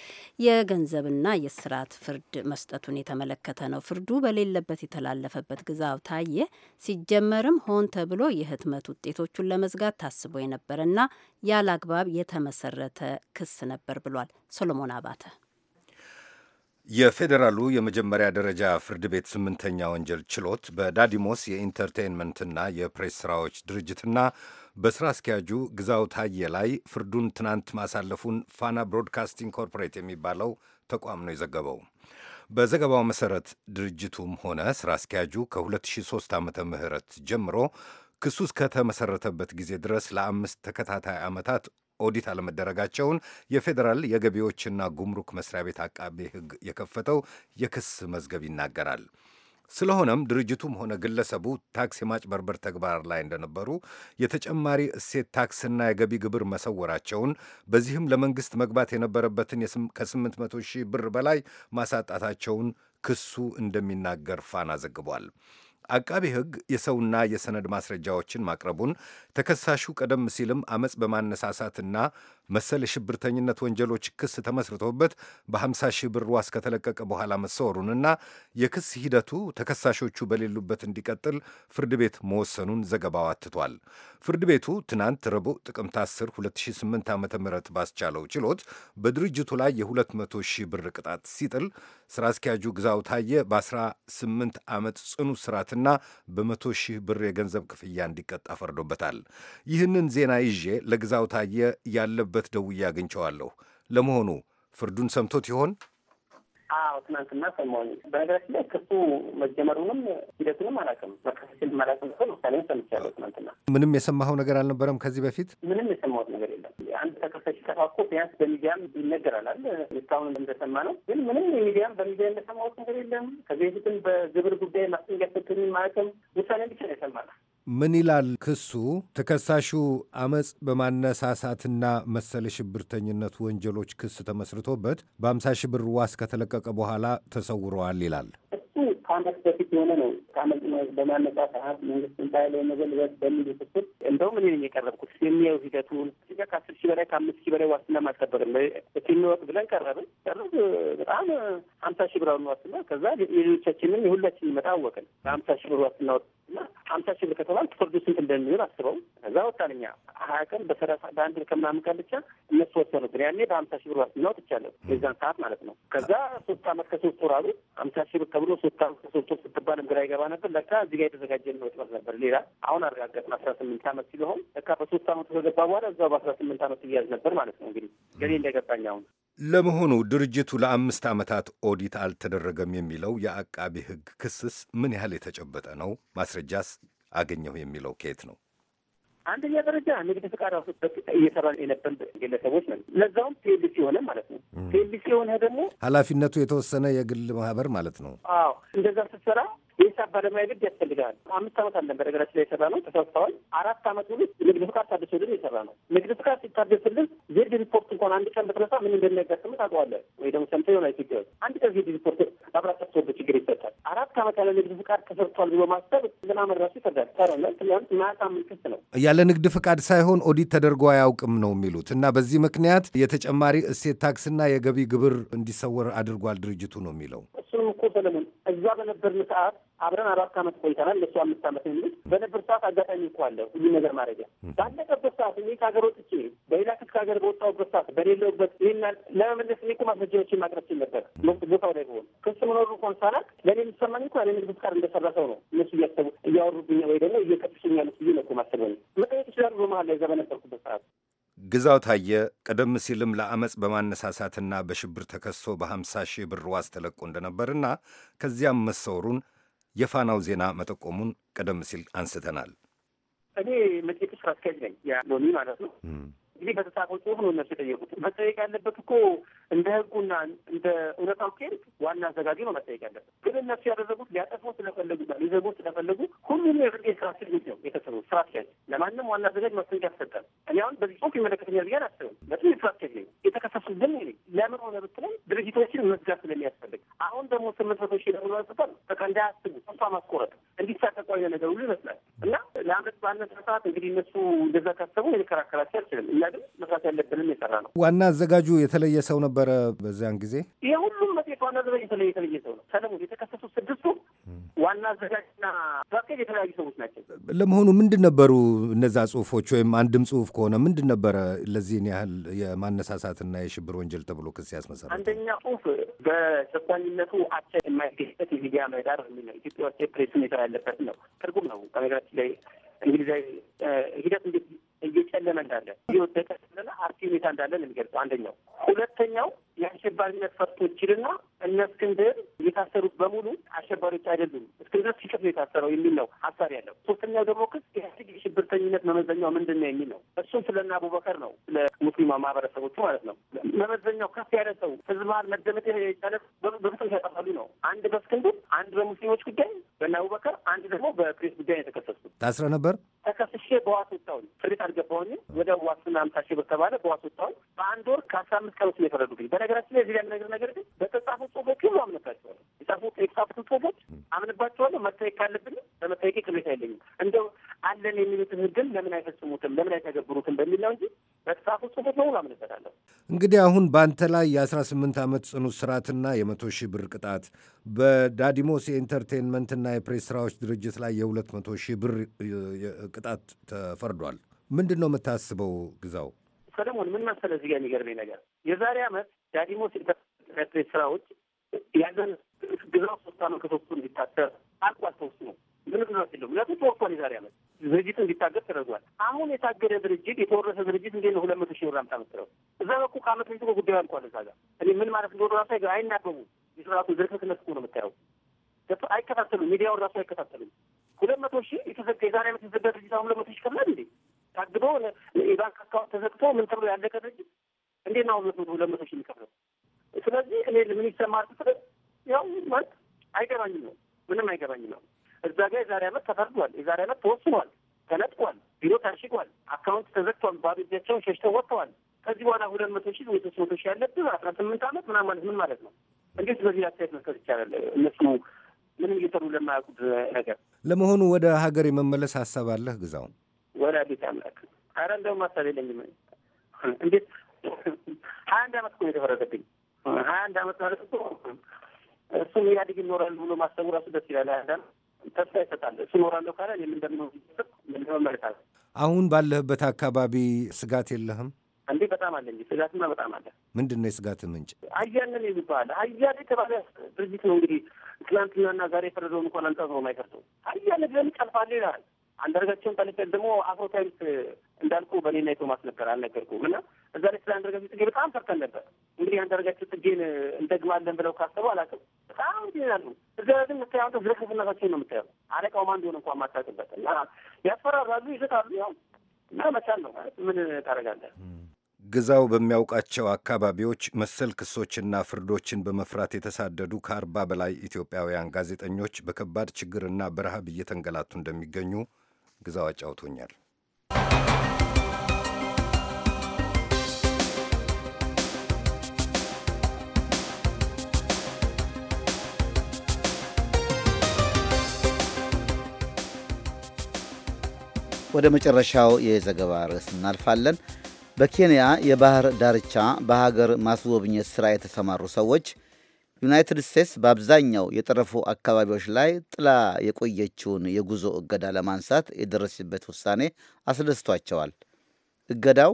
የገንዘብና የስርዓት ፍርድ መስጠቱን የተመለከተ ነው። ፍርዱ በሌለበት የተላለፈበት ግዛው ታዬ ሲጀመርም ሆን ተብሎ የህትመት ውጤቶቹን ለመዝጋት ታስቦ የነበረና ያለ አግባብ የተመሰረተ ክስ ነበር ብሏል። ሶሎሞን አባተ የፌዴራሉ የመጀመሪያ ደረጃ ፍርድ ቤት ስምንተኛ ወንጀል ችሎት በዳዲሞስ የኢንተርቴንመንትና የፕሬስ ሥራዎች ድርጅትና በሥራ አስኪያጁ ግዛው ታዬ ላይ ፍርዱን ትናንት ማሳለፉን ፋና ብሮድካስቲንግ ኮርፖሬት የሚባለው ተቋም ነው የዘገበው። በዘገባው መሠረት ድርጅቱም ሆነ ሥራ አስኪያጁ ከ2003 ዓመተ ምህረት ጀምሮ ክሱ እስከተመሠረተበት ጊዜ ድረስ ለአምስት ተከታታይ ዓመታት ኦዲት አለመደረጋቸውን የፌዴራል የገቢዎችና ጉምሩክ መስሪያ ቤት አቃቤ ሕግ የከፈተው የክስ መዝገብ ይናገራል። ስለሆነም ድርጅቱም ሆነ ግለሰቡ ታክስ የማጭበርበር ተግባር ላይ እንደነበሩ የተጨማሪ እሴት ታክስና የገቢ ግብር መሰወራቸውን በዚህም ለመንግስት መግባት የነበረበትን ከ800 ሺህ ብር በላይ ማሳጣታቸውን ክሱ እንደሚናገር ፋና ዘግቧል። አቃቤ ሕግ የሰውና የሰነድ ማስረጃዎችን ማቅረቡን ተከሳሹ ቀደም ሲልም አመፅ በማነሳሳትና መሰል የሽብርተኝነት ወንጀሎች ክስ ተመስርቶበት በ50 ሺህ ብር ዋስ ከተለቀቀ በኋላ መሰወሩንና የክስ ሂደቱ ተከሳሾቹ በሌሉበት እንዲቀጥል ፍርድ ቤት መወሰኑን ዘገባው አትቷል። ፍርድ ቤቱ ትናንት ረቡዕ ጥቅምት 10 2008 ዓ ም ባስቻለው ችሎት በድርጅቱ ላይ የ200 ሺህ ብር ቅጣት ሲጥል ስራ አስኪያጁ ግዛው ታየ በ18 ዓመት ጽኑ ስራትና በመቶ ሺህ ብር የገንዘብ ክፍያ እንዲቀጣ ፈርዶበታል። ይህንን ዜና ይዤ ለግዛው ታየ ያለ እንዳለበት ደውዬ አግኝቸዋለሁ። ለመሆኑ ፍርዱን ሰምቶት ይሆን? አዎ ትናንትና ሰማሁኝ። በነገራችን ላይ ክሱ መጀመሩንም ሂደቱንም አላውቅም። መካከል ማላውቅም ሲሆን ውሳኔ ሰምቻለሁ ትናንትና። ምንም የሰማኸው ነገር አልነበረም ከዚህ በፊት? ምንም የሰማሁት ነገር የለም። አንድ ተከሳሽ ጠፋ እኮ ቢያንስ በሚዲያም ይነገራላል። እስካሁን እንደሰማ ነው። ግን ምንም የሚዲያም በሚዲያ እንደሰማሁት ነገር የለም። ከዚህ በፊትም በግብር ጉዳይ ማስጠንቀቂያ ሰጥቶኝ ማለትም ውሳኔ ብቻ ነው የሰማነው። ምን ይላል ክሱ? ተከሳሹ አመፅ በማነሳሳትና መሰለ ሽብርተኝነት ወንጀሎች ክስ ተመስርቶበት በአምሳ ሺህ ብር ዋስ ከተለቀቀ በኋላ ተሰውረዋል ይላል። እሱ ከአመት በፊት የሆነ ነው። ከአመፅ በማነሳሳት መንግስትን ኃይል መገልበጥ በሚል ክሱት እንደውም እኔ የቀረብኩት የሚያዩ ሂደቱን ሺህ ጋር ከአስር ሺህ በላይ ከአምስት ሺህ በላይ ዋስትና ማስከበርም ሲንወጥ ብለን ቀረብን። ቀረብ በጣም ሀምሳ ሺህ ብር አሁን ዋስትና ከዛ የሌሎቻችንም የሁላችን ይመጣ አወቅን በሀምሳ ሺህ ብር ዋስትና ወጥና ሀምሳ ሺህ ብር ከተባል ፍርዱ ስንት እንደሚሆን አስበው ከዛ ወጣን እኛ ሀያ ቀን በሰላሳ በአንድ ብር ከምናምን ቀን ብቻ እነሱ ወሰኑብን። ያኔ በሀምሳ ሺህ ብር ዋስትና ወጥቻለሁ የዛን ሰዓት ማለት ነው። ከዛ ሶስት አመት ከሶስት ወር አሉ ሀምሳ ሺህ ብር ተብሎ ሶስት አመት ከሶስት ወር ስትባልም ግራ ይገባ ነበር። ለካ እዚህ ጋር የተዘጋጀ ወጥመድ ነበር። ሌላ አሁን አረጋገጥን አስራ ስምንት አመት ሲለሆን ለካ በሶስት አመቱ ከገባ በኋላ እዛው አስራ ስምንት ዓመት እያዝ ነበር ማለት ነው እንግዲህ ገሌ እንደገባኝ አሁን ለመሆኑ ድርጅቱ ለአምስት ዓመታት ኦዲት አልተደረገም የሚለው የአቃቢ ሕግ ክስስ ምን ያህል የተጨበጠ ነው? ማስረጃስ አገኘሁ የሚለው ከየት ነው? አንደኛ ደረጃ ንግድ ፍቃድ አውጥበት እየሰራ የነበር ግለሰቦች ነን። ለዛውም ፒኤልሲ የሆነ ማለት ነው። ፒኤልሲ የሆነ ደግሞ ኃላፊነቱ የተወሰነ የግል ማህበር ማለት ነው። አዎ እንደዛ ስትሰራ የሂሳብ ባለሙያ ግድ ያስፈልጋል። አምስት ዓመት አለን በነገራችን ላይ የሰራ ነው ተሰብተዋል። አራት ዓመት ሙሉ ንግድ ፍቃድ ታደሰልን የሰራ ነው። ንግድ ፍቃድ ሲታደስልን ዜድ ሪፖርት እንኳን አንድ ቀን በተነሳ ምን እንደሚያጋጥም ታውቀዋለህ ወይ ደግሞ ሰምተ ይሆናል። ኢትዮጵያ ውስጥ አንድ ቀን ዜድ ሪፖርት አብራ ተወዶ ችግር ይፈታል። አራት ዓመት ያለ ንግድ ፍቃድ ተሰርቷል ብሎ ማሰብ ዝና መድራሱ ይፈርዳል። ታረነት ስለሆን ማያሳምን ክስ ነው። ያለ ንግድ ፍቃድ ሳይሆን ኦዲት ተደርጎ አያውቅም ነው የሚሉት እና በዚህ ምክንያት የተጨማሪ እሴት ታክስና የገቢ ግብር እንዲሰወር አድርጓል ድርጅቱ ነው የሚለው እሱንም እኮ ሰለሞን እዛ በነበርን ሰዓት አብረን አራት ዓመት ቆይተናል። ለሱ አምስት ዓመት የሚል በነበር ሰዓት አጋጣሚ እኮ አለ ሁሉ ነገር ማድረጊያ ባለቀበት ሰዓት እኔ ከሀገር ወጥቼ በሌላ ክስ ከሀገር በወጣሁበት ሰዓት በሌለውበት ይህና ለመመለስ እኔ እኮ ማስረጃዎችን ማቅረብ ችል ነበር። ቦታው ላይ ሆን ክስ መኖሩ እንኳን ሳላቅ ለእኔ የሚሰማኝ እኮ ንግድ ፍቃድ እንደሰራ ሰው ነው። እነሱ እያሰቡ እያወሩብኝ ወይ ደግሞ እየቀጥሱኛለች ብዬ ነው እኮ ማሰብ ነው መጠየቅ ይችላሉ። በመሀል ላይ እዛ በነበርኩበት ሰዓት ግዛው ታየ ቀደም ሲልም ለአመፅ በማነሳሳትና በሽብር ተከሶ በ ሺህ ብር ዋስ ተለቆ እንደነበርና ከዚያም መሰወሩን የፋናው ዜና መጠቆሙን ቀደም ሲል አንስተናል። እኔ መጽሔቱ ስራ አስኪያጅ ነኝ፣ ያ ሎሚ ማለት ነው። ይህ በተጻፈው ጽሁፍ ነው እነሱ የጠየቁት። መጠየቅ ያለበት እኮ እንደ ህጉና እንደ እውነታው ኬድ ዋና አዘጋጁ ነው መጠየቅ ያለበት። ግን እነሱ ያደረጉት ሊያጠፉ ስለፈለጉና ሊዘጉ ስለፈለጉ ሁሉም የፍርድ ቤት ስራ ስልጅ ነው የተሰሩ ስራ አስኪያጅ ለማንም ዋና አዘጋጅ ማስጠንቀቂያ ያሰጣል። እኔ አሁን በዚህ ጽሁፍ ይመለከተኛል ብዬ አላስብም። በጣም የስራ አስኪያጅ ነኝ። የተከሰሱት ግን ለምን ሆነ ብትለኝ ድርጅቶችን መዝጋት ስለሚያስፈልግ አሁን ደግሞ ስምንት መቶ ሺ ለምሎ አንስጠል በቃ እንዳያስቡ ተስፋ ማስቆረጥ እንዲሳቀቁ አይነት ነገር ሁሉ ይመስላል እና ለአመት ባነሰ ሰዓት እንግዲህ እነሱ እንደዛ ካሰቡ የከራከራቸው አልችልም እና ያደረግን መስራት ያለብንም የሰራ ነው። ዋና አዘጋጁ የተለየ ሰው ነበረ በዚያን ጊዜ። ይህ ሁሉም መጽሔት ዋና አዘጋጅ የተለየ የተለየ ሰው ነው። ሰለሞን የተከሰሱ ስድስቱ ዋና አዘጋጅና ባስኬት የተለያዩ ሰዎች ናቸው። ለመሆኑ ምንድን ነበሩ እነዛ ጽሁፎች? ወይም አንድም ጽሁፍ ከሆነ ምንድን ነበረ ለዚህን ያህል የማነሳሳትና የሽብር ወንጀል ተብሎ ክስ ያስመሰረ? አንደኛ ጽሁፍ በጨቋኝነቱ አቻ የማይገኝበት የሚዲያ መዳር የሚል ኢትዮጵያ ውስጥ ሁኔታ ያለበት ነው። ትርጉም ነው። በነገራችን ላይ እንግሊዛዊ ሂደት እንዴት እየጨለመ እንዳለ እየወደቀ ስለና አርኪ ሁኔታ እንዳለ ነው የሚገልጸው አንደኛው። ሁለተኛው የአሸባሪነት ፈርቶችንና እነ እስክንድር የታሰሩት በሙሉ አሸባሪዎች አይደሉም፣ እስክንድር ሲቅፍ የታሰረው የሚል ነው ሀሳብ ያለው። ሶስተኛው ደግሞ ክስ ኢህአዴግ የሽብርተኝነት መመዘኛው ምንድን ነው የሚል ነው። እሱም ስለና አቡበከር ነው ስለ ሙስሊማ ማህበረሰቦቹ ማለት ነው። መመዘኛው ከፍ ያለ ሰው ህዝብ መሀል መደመጥ የቻለ በፍጥነት ያጠፋሉ ነው። አንድ በእስክንድር አንድ በሙስሊሞች ጉዳይ በና አቡበከር አንድ ደግሞ በፕሬስ ጉዳይ የተከሰሱ ታስረ ነበር ተከስሼ በዋስ ወጣሁኝ። ፍሬት ያደረገ አልገባሁኝም። ወደ ዋስትና አምሳ ሺህ ብር ተባለ። በዋስ ወጣሁ። በአንድ ወር ከአስራ አምስት ቀን ውስጥ ነው የፈረዱብኝ። በነገራችን ላይ እዚህ ላይ ነገር ግን በተጻፉ ጽሁፎች ሁሉ አምንባቸዋለሁ። የጻፉትን ጽሁፎች አምንባቸዋለሁ። መታየቅ ካለብን በመታየቅ ቅሬታ አይለኝም። እንደው አለን የሚሉትን ህግን ለምን አይፈጽሙትም? ለምን አይተገብሩትም? በሚል ነው እንጂ በተጻፉ ጽሁፎች በሙሉ አምንበታለሁ። እንግዲህ አሁን በአንተ ላይ የአስራ ስምንት ዓመት ጽኑ እስራትና የመቶ ሺህ ብር ቅጣት በዳዲሞስ የኢንተርቴንመንትና የፕሬስ ስራዎች ድርጅት ላይ የሁለት መቶ ሺህ ብር ቅጣት ተፈርዷል። ምንድን ነው የምታስበው ግዛው? ሰለሞን ምን መሰለህ፣ እዚህ ጋር የሚገርመኝ ነገር የዛሬ ዓመት ዳዲሞስ ኢንተርፕሬት ስራዎች ያለን ግዛው ሶስት ዓመት ከሶስቱ እንዲታሰር አልቋል። ነው ምን ግዛት የለውም። ምክንያቱም ተወርቷል። የዛሬ አመት ድርጅት እንዲታገድ ተደርጓል። አሁን የታገደ ድርጅት የተወረሰ ድርጅት እንዴት ነው ሁለት መቶ ሺህ ብር አምጣ መስለው እዛ በኩ ከአመት በፊት ጉዳዩ አልቋል። እዛ ጋር እኔ ምን ማለት እንደሆነ ራሱ አይናገቡም። ራሱ ዝርክክነት ነው የምታየው። አይከታተሉም። ሚዲያውን ራሱ አይከታተሉም። ሁለት መቶ ሺህ የተዘጋ የዛሬ አመት የተዘጋ ድርጅት አሁን ሁለት መቶ ሺህ ከፍላል እንዴ ታግዶ የባንክ አካውንት ተዘግቶ ምን ተብሎ ያለቀ ድርጅት እንዴት ነው ሁለት መቶ ሁለት መቶ ሺህ የሚከፍለው? ስለዚህ እኔ ምን ይሰማል ስትል ያው ማለት አይገባኝም ነው ምንም አይገባኝም ነው። እዛ ጋ የዛሬ አመት ተፈርዷል፣ የዛሬ አመት ተወስኗል፣ ተነጥቋል፣ ቢሮ ታሽጓል፣ አካውንት ተዘግቷል፣ ባዶ ሸሽተው ወጥተዋል። ከዚህ በኋላ ሁለት መቶ ሺህ ወይ ሶስት መቶ ሺህ ያለብህ አስራ ስምንት አመት ምናምን ማለት ምን ማለት ነው? እንዴት በዚህ አስተያየት መስጠት ይቻላል? እነሱ ምንም እየሰሩ ለማያውቁት ነገር። ለመሆኑ ወደ ሀገር የመመለስ ሀሳብ አለህ ግዛውን? ወላዲት አምላክ አረ እንደውም ሀሳብ የለኝም። እንዴት ሀያ አንድ አመት እኮ የተፈረደብኝ ሀያ አንድ አመት ማለት እኮ እሱም ኢህአዴግ ይኖራል ብሎ ማሰቡ ራሱ ደስ ይላል። ሀያ አንድ አመት ተስፋ ይሰጣል። እሱ ኖራለሁ ካለ እኔም እንደምኖር አሁን ባለህበት አካባቢ ስጋት የለህም እንዴ? በጣም አለ እንጂ ስጋትና በጣም አለ። ምንድን ነው የስጋት ምንጭ? አያንን የሚባል አያሌ የተባለ ድርጅት ነው እንግዲህ ትናንትናና ዛሬ የፈረደውን እንኳን አንጻጽሮ አይፈርደው አያለ ብለን ጨልፋለ ይላል አንዳርጋቸውን ጠለጨት ደግሞ አፍሮ ታይምስ እንዳልኩ በሌላ የቶማስ ነበር አልነገርኩም እና እዛ ላይ ስለ አንዳርጋቸው ጽጌ በጣም ፈርተን ነበር። እንግዲህ አንዳርጋቸው ጽጌን እንደግማለን ብለው ካሰቡ አላውቅም። በጣም ዜናሉ እዛ ግን ምታያ ዝርክፍነታችን ነው የምታየው። አለቃው ማን እንደሆነ እንኳ ማታውቅበት እና ያስፈራራሉ፣ ይሰጣሉ። ያው እና መቻል ነው ማለት ምን ታደርጋለህ? ግዛው በሚያውቃቸው አካባቢዎች መሰል ክሶችና ፍርዶችን በመፍራት የተሳደዱ ከአርባ በላይ ኢትዮጵያውያን ጋዜጠኞች በከባድ ችግርና በረሃብ እየተንገላቱ እንደሚገኙ ግዛው አጫውቶኛል። ወደ መጨረሻው የዘገባ ርዕስ እናልፋለን። በኬንያ የባህር ዳርቻ በሀገር ማስጎብኘት ሥራ የተሰማሩ ሰዎች ዩናይትድ ስቴትስ በአብዛኛው የጠረፉ አካባቢዎች ላይ ጥላ የቆየችውን የጉዞ እገዳ ለማንሳት የደረሰበት ውሳኔ አስደስቷቸዋል። እገዳው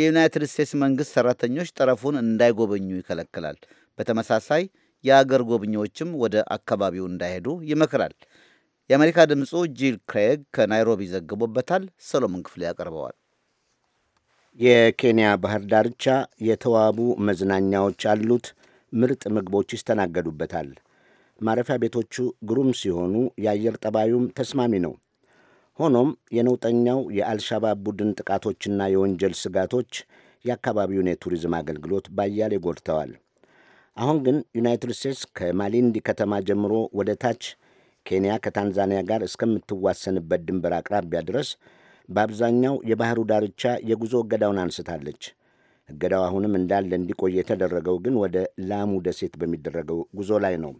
የዩናይትድ ስቴትስ መንግሥት ሠራተኞች ጠረፉን እንዳይጎበኙ ይከለክላል። በተመሳሳይ የአገር ጎብኚዎችም ወደ አካባቢው እንዳይሄዱ ይመክራል። የአሜሪካ ድምፁ ጂል ክሬግ ከናይሮቢ ዘግቦበታል። ሰሎሞን ክፍሌ ያቀርበዋል። የኬንያ ባህር ዳርቻ የተዋቡ መዝናኛዎች አሉት። ምርጥ ምግቦች ይስተናገዱበታል። ማረፊያ ቤቶቹ ግሩም ሲሆኑ የአየር ጠባዩም ተስማሚ ነው። ሆኖም የነውጠኛው የአልሻባብ ቡድን ጥቃቶችና የወንጀል ስጋቶች የአካባቢውን የቱሪዝም አገልግሎት ባያሌ ጎድተዋል። አሁን ግን ዩናይትድ ስቴትስ ከማሊንዲ ከተማ ጀምሮ ወደ ታች ኬንያ ከታንዛኒያ ጋር እስከምትዋሰንበት ድንበር አቅራቢያ ድረስ በአብዛኛው የባህሩ ዳርቻ የጉዞ እገዳውን አንስታለች። እገዳው አሁንም እንዳለ እንዲቆይ የተደረገው ግን ወደ ላሙ ደሴት በሚደረገው ጉዞ ላይ ነው።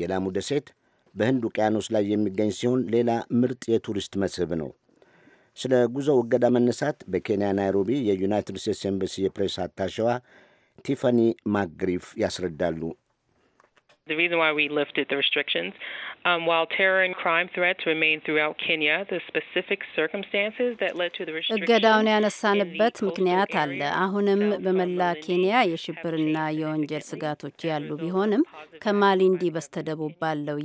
የላሙ ደሴት በህንድ ውቅያኖስ ላይ የሚገኝ ሲሆን ሌላ ምርጥ የቱሪስት መስህብ ነው። ስለ ጉዞው እገዳ መነሳት በኬንያ ናይሮቢ የዩናይትድ ስቴትስ ኤምበሲ የፕሬስ አታሸዋ ቲፋኒ ማግሪፍ ያስረዳሉ። The reason why we lifted the restrictions, um, while terror and crime threats remain throughout Kenya, the specific circumstances that led to the restrictions እገዳውን ያነሳንበት ምክንያት አለ። አሁንም በመላ ኬንያ የሽብርና የወንጀል ስጋቶች ያሉ ቢሆንም ከማሊንዲ በስተደቡብ ባለው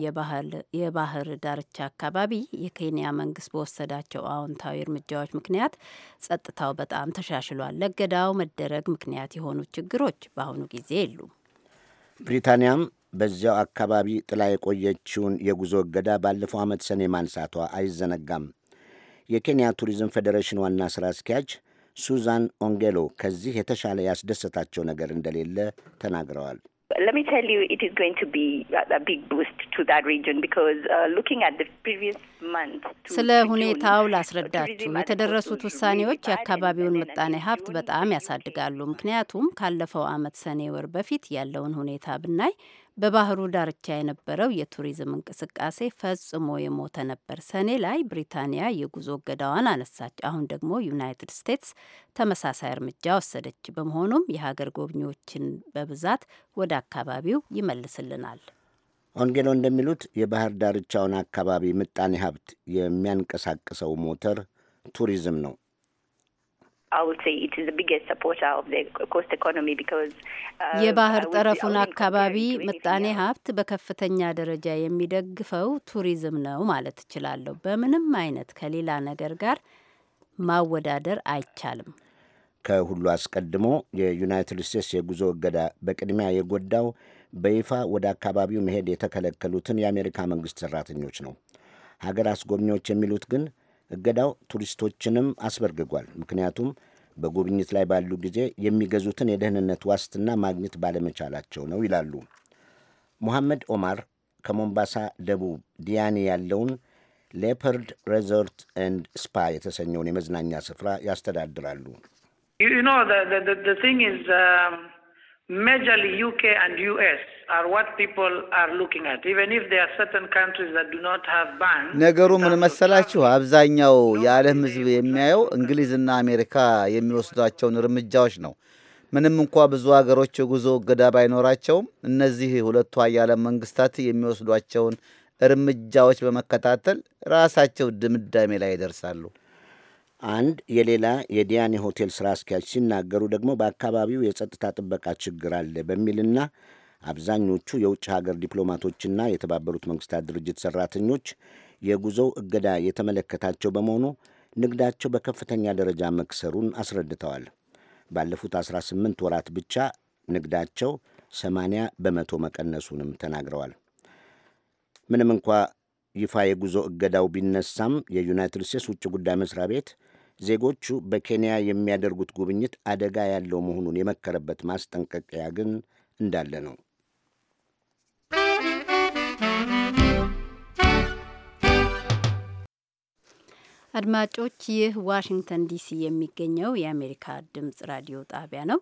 የባህር ዳርቻ አካባቢ የኬንያ መንግስት በወሰዳቸው አዎንታዊ እርምጃዎች ምክንያት ጸጥታው በጣም ተሻሽሏል። ለገዳው መደረግ ምክንያት የሆኑ ችግሮች በአሁኑ ጊዜ የሉም። ብሪታንያም በዚያው አካባቢ ጥላ የቆየችውን የጉዞ እገዳ ባለፈው ዓመት ሰኔ ማንሳቷ አይዘነጋም። የኬንያ ቱሪዝም ፌዴሬሽን ዋና ሥራ አስኪያጅ ሱዛን ኦንጌሎ ከዚህ የተሻለ ያስደሰታቸው ነገር እንደሌለ ተናግረዋል። uh, ስለ ሁኔታው uh, ላስረዳችሁ። የተደረሱት ውሳኔዎች የአካባቢውን ምጣኔ ሀብት በጣም uh, ያሳድጋሉ። ምክንያቱም ካለፈው ዓመት ሰኔ ወር በፊት ያለውን ሁኔታ ብናይ በባህሩ ዳርቻ የነበረው የቱሪዝም እንቅስቃሴ ፈጽሞ የሞተ ነበር። ሰኔ ላይ ብሪታንያ የጉዞ እገዳዋን አነሳች። አሁን ደግሞ ዩናይትድ ስቴትስ ተመሳሳይ እርምጃ ወሰደች። በመሆኑም የሀገር ጎብኚዎችን በብዛት ወደ አካባቢው ይመልስልናል። ወንጌሎ እንደሚሉት የባህር ዳርቻውን አካባቢ ምጣኔ ሀብት የሚያንቀሳቅሰው ሞተር ቱሪዝም ነው። Uh, የባህር ጠረፉን አካባቢ ምጣኔ ሀብት በከፍተኛ ደረጃ የሚደግፈው ቱሪዝም ነው ማለት እችላለሁ። በምንም አይነት ከሌላ ነገር ጋር ማወዳደር አይቻልም። ከሁሉ አስቀድሞ የዩናይትድ ስቴትስ የጉዞ እገዳ በቅድሚያ የጎዳው በይፋ ወደ አካባቢው መሄድ የተከለከሉትን የአሜሪካ መንግሥት ሠራተኞች ነው። ሀገር አስጎብኚዎች የሚሉት ግን እገዳው ቱሪስቶችንም አስበርግጓል። ምክንያቱም በጉብኝት ላይ ባሉ ጊዜ የሚገዙትን የደህንነት ዋስትና ማግኘት ባለመቻላቸው ነው ይላሉ። ሙሐመድ ኦማር ከሞምባሳ ደቡብ ዲያኒ ያለውን ሌፐርድ ሬዞርት ኤንድ ስፓ የተሰኘውን የመዝናኛ ስፍራ ያስተዳድራሉ። um, majorly UK and US are what people are looking at even if there are certain countries that do not have bans ነገሩ ምን መሰላችሁ አብዛኛው የዓለም ሕዝብ የሚያየው እንግሊዝና አሜሪካ የሚወስዷቸውን እርምጃዎች ነው። ምንም እንኳ ብዙ ሀገሮች የጉዞ እገዳ ባይኖራቸውም እነዚህ ሁለቱ ሀያላን መንግስታት የሚወስዷቸውን እርምጃዎች በመከታተል ራሳቸው ድምዳሜ ላይ ይደርሳሉ። አንድ የሌላ የዲያኔ ሆቴል ሥራ አስኪያጅ ሲናገሩ ደግሞ በአካባቢው የጸጥታ ጥበቃ ችግር አለ በሚልና አብዛኞቹ የውጭ ሀገር ዲፕሎማቶችና የተባበሩት መንግስታት ድርጅት ሠራተኞች የጉዞው እገዳ የተመለከታቸው በመሆኑ ንግዳቸው በከፍተኛ ደረጃ መክሰሩን አስረድተዋል። ባለፉት 18 ወራት ብቻ ንግዳቸው 80 በመቶ መቀነሱንም ተናግረዋል። ምንም እንኳ ይፋ የጉዞ እገዳው ቢነሳም የዩናይትድ ስቴትስ ውጭ ጉዳይ መስሪያ ቤት ዜጎቹ በኬንያ የሚያደርጉት ጉብኝት አደጋ ያለው መሆኑን የመከረበት ማስጠንቀቂያ ግን እንዳለ ነው። አድማጮች ይህ ዋሽንግተን ዲሲ የሚገኘው የአሜሪካ ድምጽ ራዲዮ ጣቢያ ነው።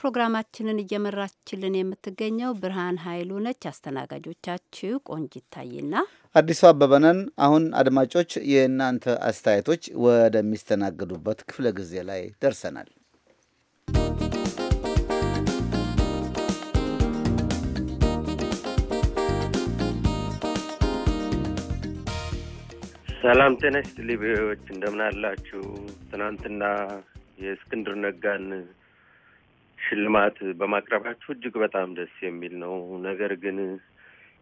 ፕሮግራማችንን እየመራችልን የምትገኘው ብርሃን ኃይሉ ነች። አስተናጋጆቻችሁ ቆንጅ ይታይና አዲሱ አበበነን። አሁን አድማጮች የእናንተ አስተያየቶች ወደሚስተናገዱበት ክፍለ ጊዜ ላይ ደርሰናል። ሰላም ጤና ይስጥልኝ። ቪኦኤዎች እንደምን አላችሁ? ትናንትና የእስክንድር ነጋን ሽልማት በማቅረባችሁ እጅግ በጣም ደስ የሚል ነው። ነገር ግን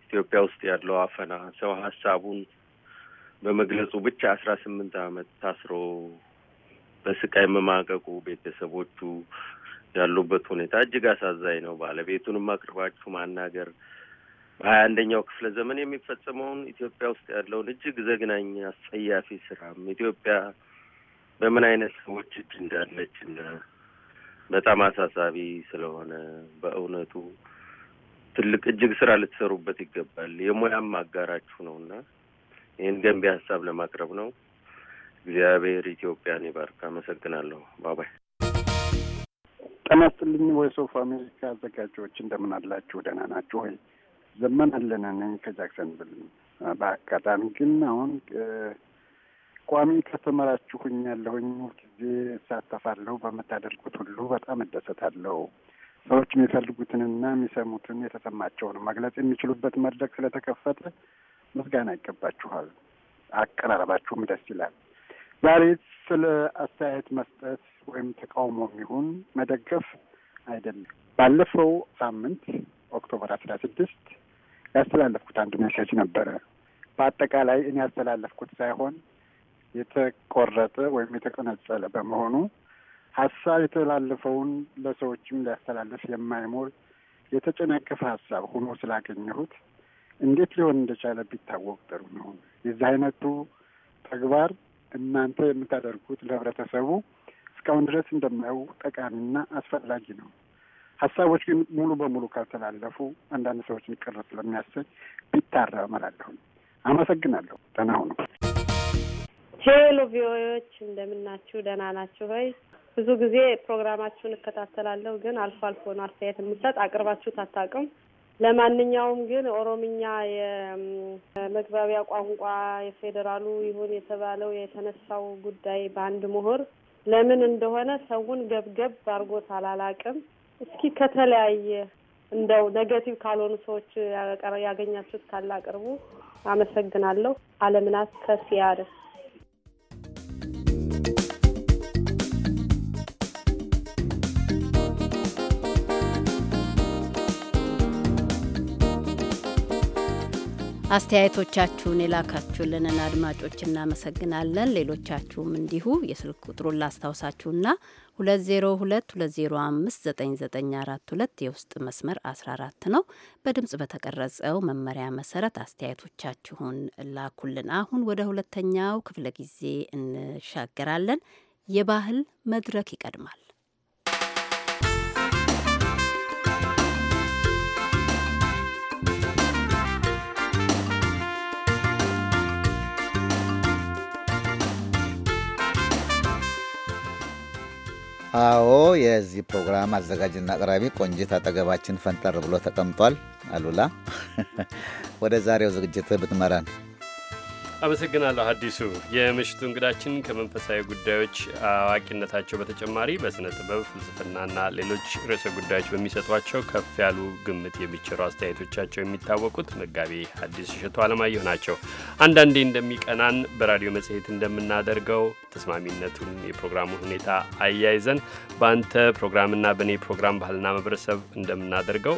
ኢትዮጵያ ውስጥ ያለው አፈና ሰው ሀሳቡን በመግለጹ ብቻ አስራ ስምንት አመት ታስሮ በስቃይ መማቀቁ ቤተሰቦቹ ያሉበት ሁኔታ እጅግ አሳዛኝ ነው። ባለቤቱንም አቅርባችሁ ማናገር በሀያ አንደኛው ክፍለ ዘመን የሚፈጸመውን ኢትዮጵያ ውስጥ ያለውን እጅግ ዘግናኝ አስጸያፊ ስራም ኢትዮጵያ በምን አይነት ሰዎች እጅ እንዳለች እና በጣም አሳሳቢ ስለሆነ በእውነቱ ትልቅ እጅግ ስራ ልትሰሩበት ይገባል። የሙያም አጋራችሁ ነው እና ይህን ገንቢ ሀሳብ ለማቅረብ ነው። እግዚአብሔር ኢትዮጵያን ይባርክ። አመሰግናለሁ። ባባይ ጤና ይስጥልኝ። ቮይስ ኦፍ አሜሪካ አዘጋጆች እንደምን አላችሁ? ደህና ናችሁ ወይ? ከጃክሰን ብል በአጋጣሚ ግን አሁን ቋሚ ከስተመራችሁ ያለሁኝ ሁልጊዜ እሳተፋለሁ። በምታደርጉት ሁሉ በጣም እደሰታለሁ። ሰዎች የሚፈልጉትንና የሚሰሙትን የተሰማቸውን መግለጽ የሚችሉበት መድረክ ስለተከፈተ ምስጋና ይገባችኋል። አቀራረባችሁም ደስ ይላል። ዛሬ ስለ አስተያየት መስጠት ወይም ተቃውሞ የሚሆን መደገፍ አይደለም። ባለፈው ሳምንት ኦክቶበር አስራ ስድስት ያስተላለፍኩት አንድ ሜሴጅ ነበረ። በአጠቃላይ እኔ ያስተላለፍኩት ሳይሆን የተቆረጠ ወይም የተቀነጸለ በመሆኑ ሀሳብ የተላለፈውን ለሰዎችም ሊያስተላልፍ የማይሞል የተጨነገፈ ሀሳብ ሆኖ ስላገኘሁት እንዴት ሊሆን እንደቻለ ቢታወቅ ጥሩ ነው። የዚህ አይነቱ ተግባር እናንተ የምታደርጉት ለህብረተሰቡ እስካሁን ድረስ እንደማየው ጠቃሚና አስፈላጊ ነው። ሀሳቦች ግን ሙሉ በሙሉ ካልተላለፉ አንዳንድ ሰዎችን ቅር ስለሚያሰኝ ቢታረም እላለሁ። አመሰግናለሁ። ደህና ሁኑ። ሄሎ ቪኦኤዎች፣ እንደምናችሁ ደህና ናችሁ ሆይ? ብዙ ጊዜ ፕሮግራማችሁን እከታተላለሁ፣ ግን አልፎ አልፎ ነው አስተያየት የምሰጥ። አቅርባችሁት አታውቅም። ለማንኛውም ግን ኦሮምኛ የመግባቢያ ቋንቋ የፌዴራሉ ይሁን የተባለው የተነሳው ጉዳይ በአንድ ምሁር ለምን እንደሆነ ሰውን ገብገብ አድርጎት አላላቅም። እስኪ ከተለያየ እንደው ነገቲቭ ካልሆኑ ሰዎች ያገኛችሁት ካላቅርቡ። አመሰግናለሁ። አለምናት ከሲያድ አስተያየቶቻችሁን የላካችሁልንን አድማጮች እናመሰግናለን። ሌሎቻችሁም እንዲሁ የስልክ ቁጥሩን ላስታውሳችሁና 2022059942 የውስጥ መስመር 14 ነው። በድምፅ በተቀረጸው መመሪያ መሰረት አስተያየቶቻችሁን ላኩልን። አሁን ወደ ሁለተኛው ክፍለ ጊዜ እንሻገራለን። የባህል መድረክ ይቀድማል። አዎ የዚህ ፕሮግራም አዘጋጅና አቅራቢ ቆንጅት አጠገባችን ፈንጠር ብሎ ተቀምጧል። አሉላ ወደ ዛሬው ዝግጅት ብትመራን አመሰግናለሁ አዲሱ። የምሽቱ እንግዳችን ከመንፈሳዊ ጉዳዮች አዋቂነታቸው በተጨማሪ በስነ ጥበብ ፍልስፍናና ሌሎች ርዕሰ ጉዳዮች በሚሰጧቸው ከፍ ያሉ ግምት የሚቸሩ አስተያየቶቻቸው የሚታወቁት መጋቢ አዲስ እሸቱ አለማየሁ ናቸው። አንዳንዴ እንደሚቀናን በራዲዮ መጽሔት እንደምናደርገው ተስማሚነቱን የፕሮግራሙ ሁኔታ አያይዘን በአንተ ፕሮግራምና በእኔ ፕሮግራም ባህልና ማህበረሰብ እንደምናደርገው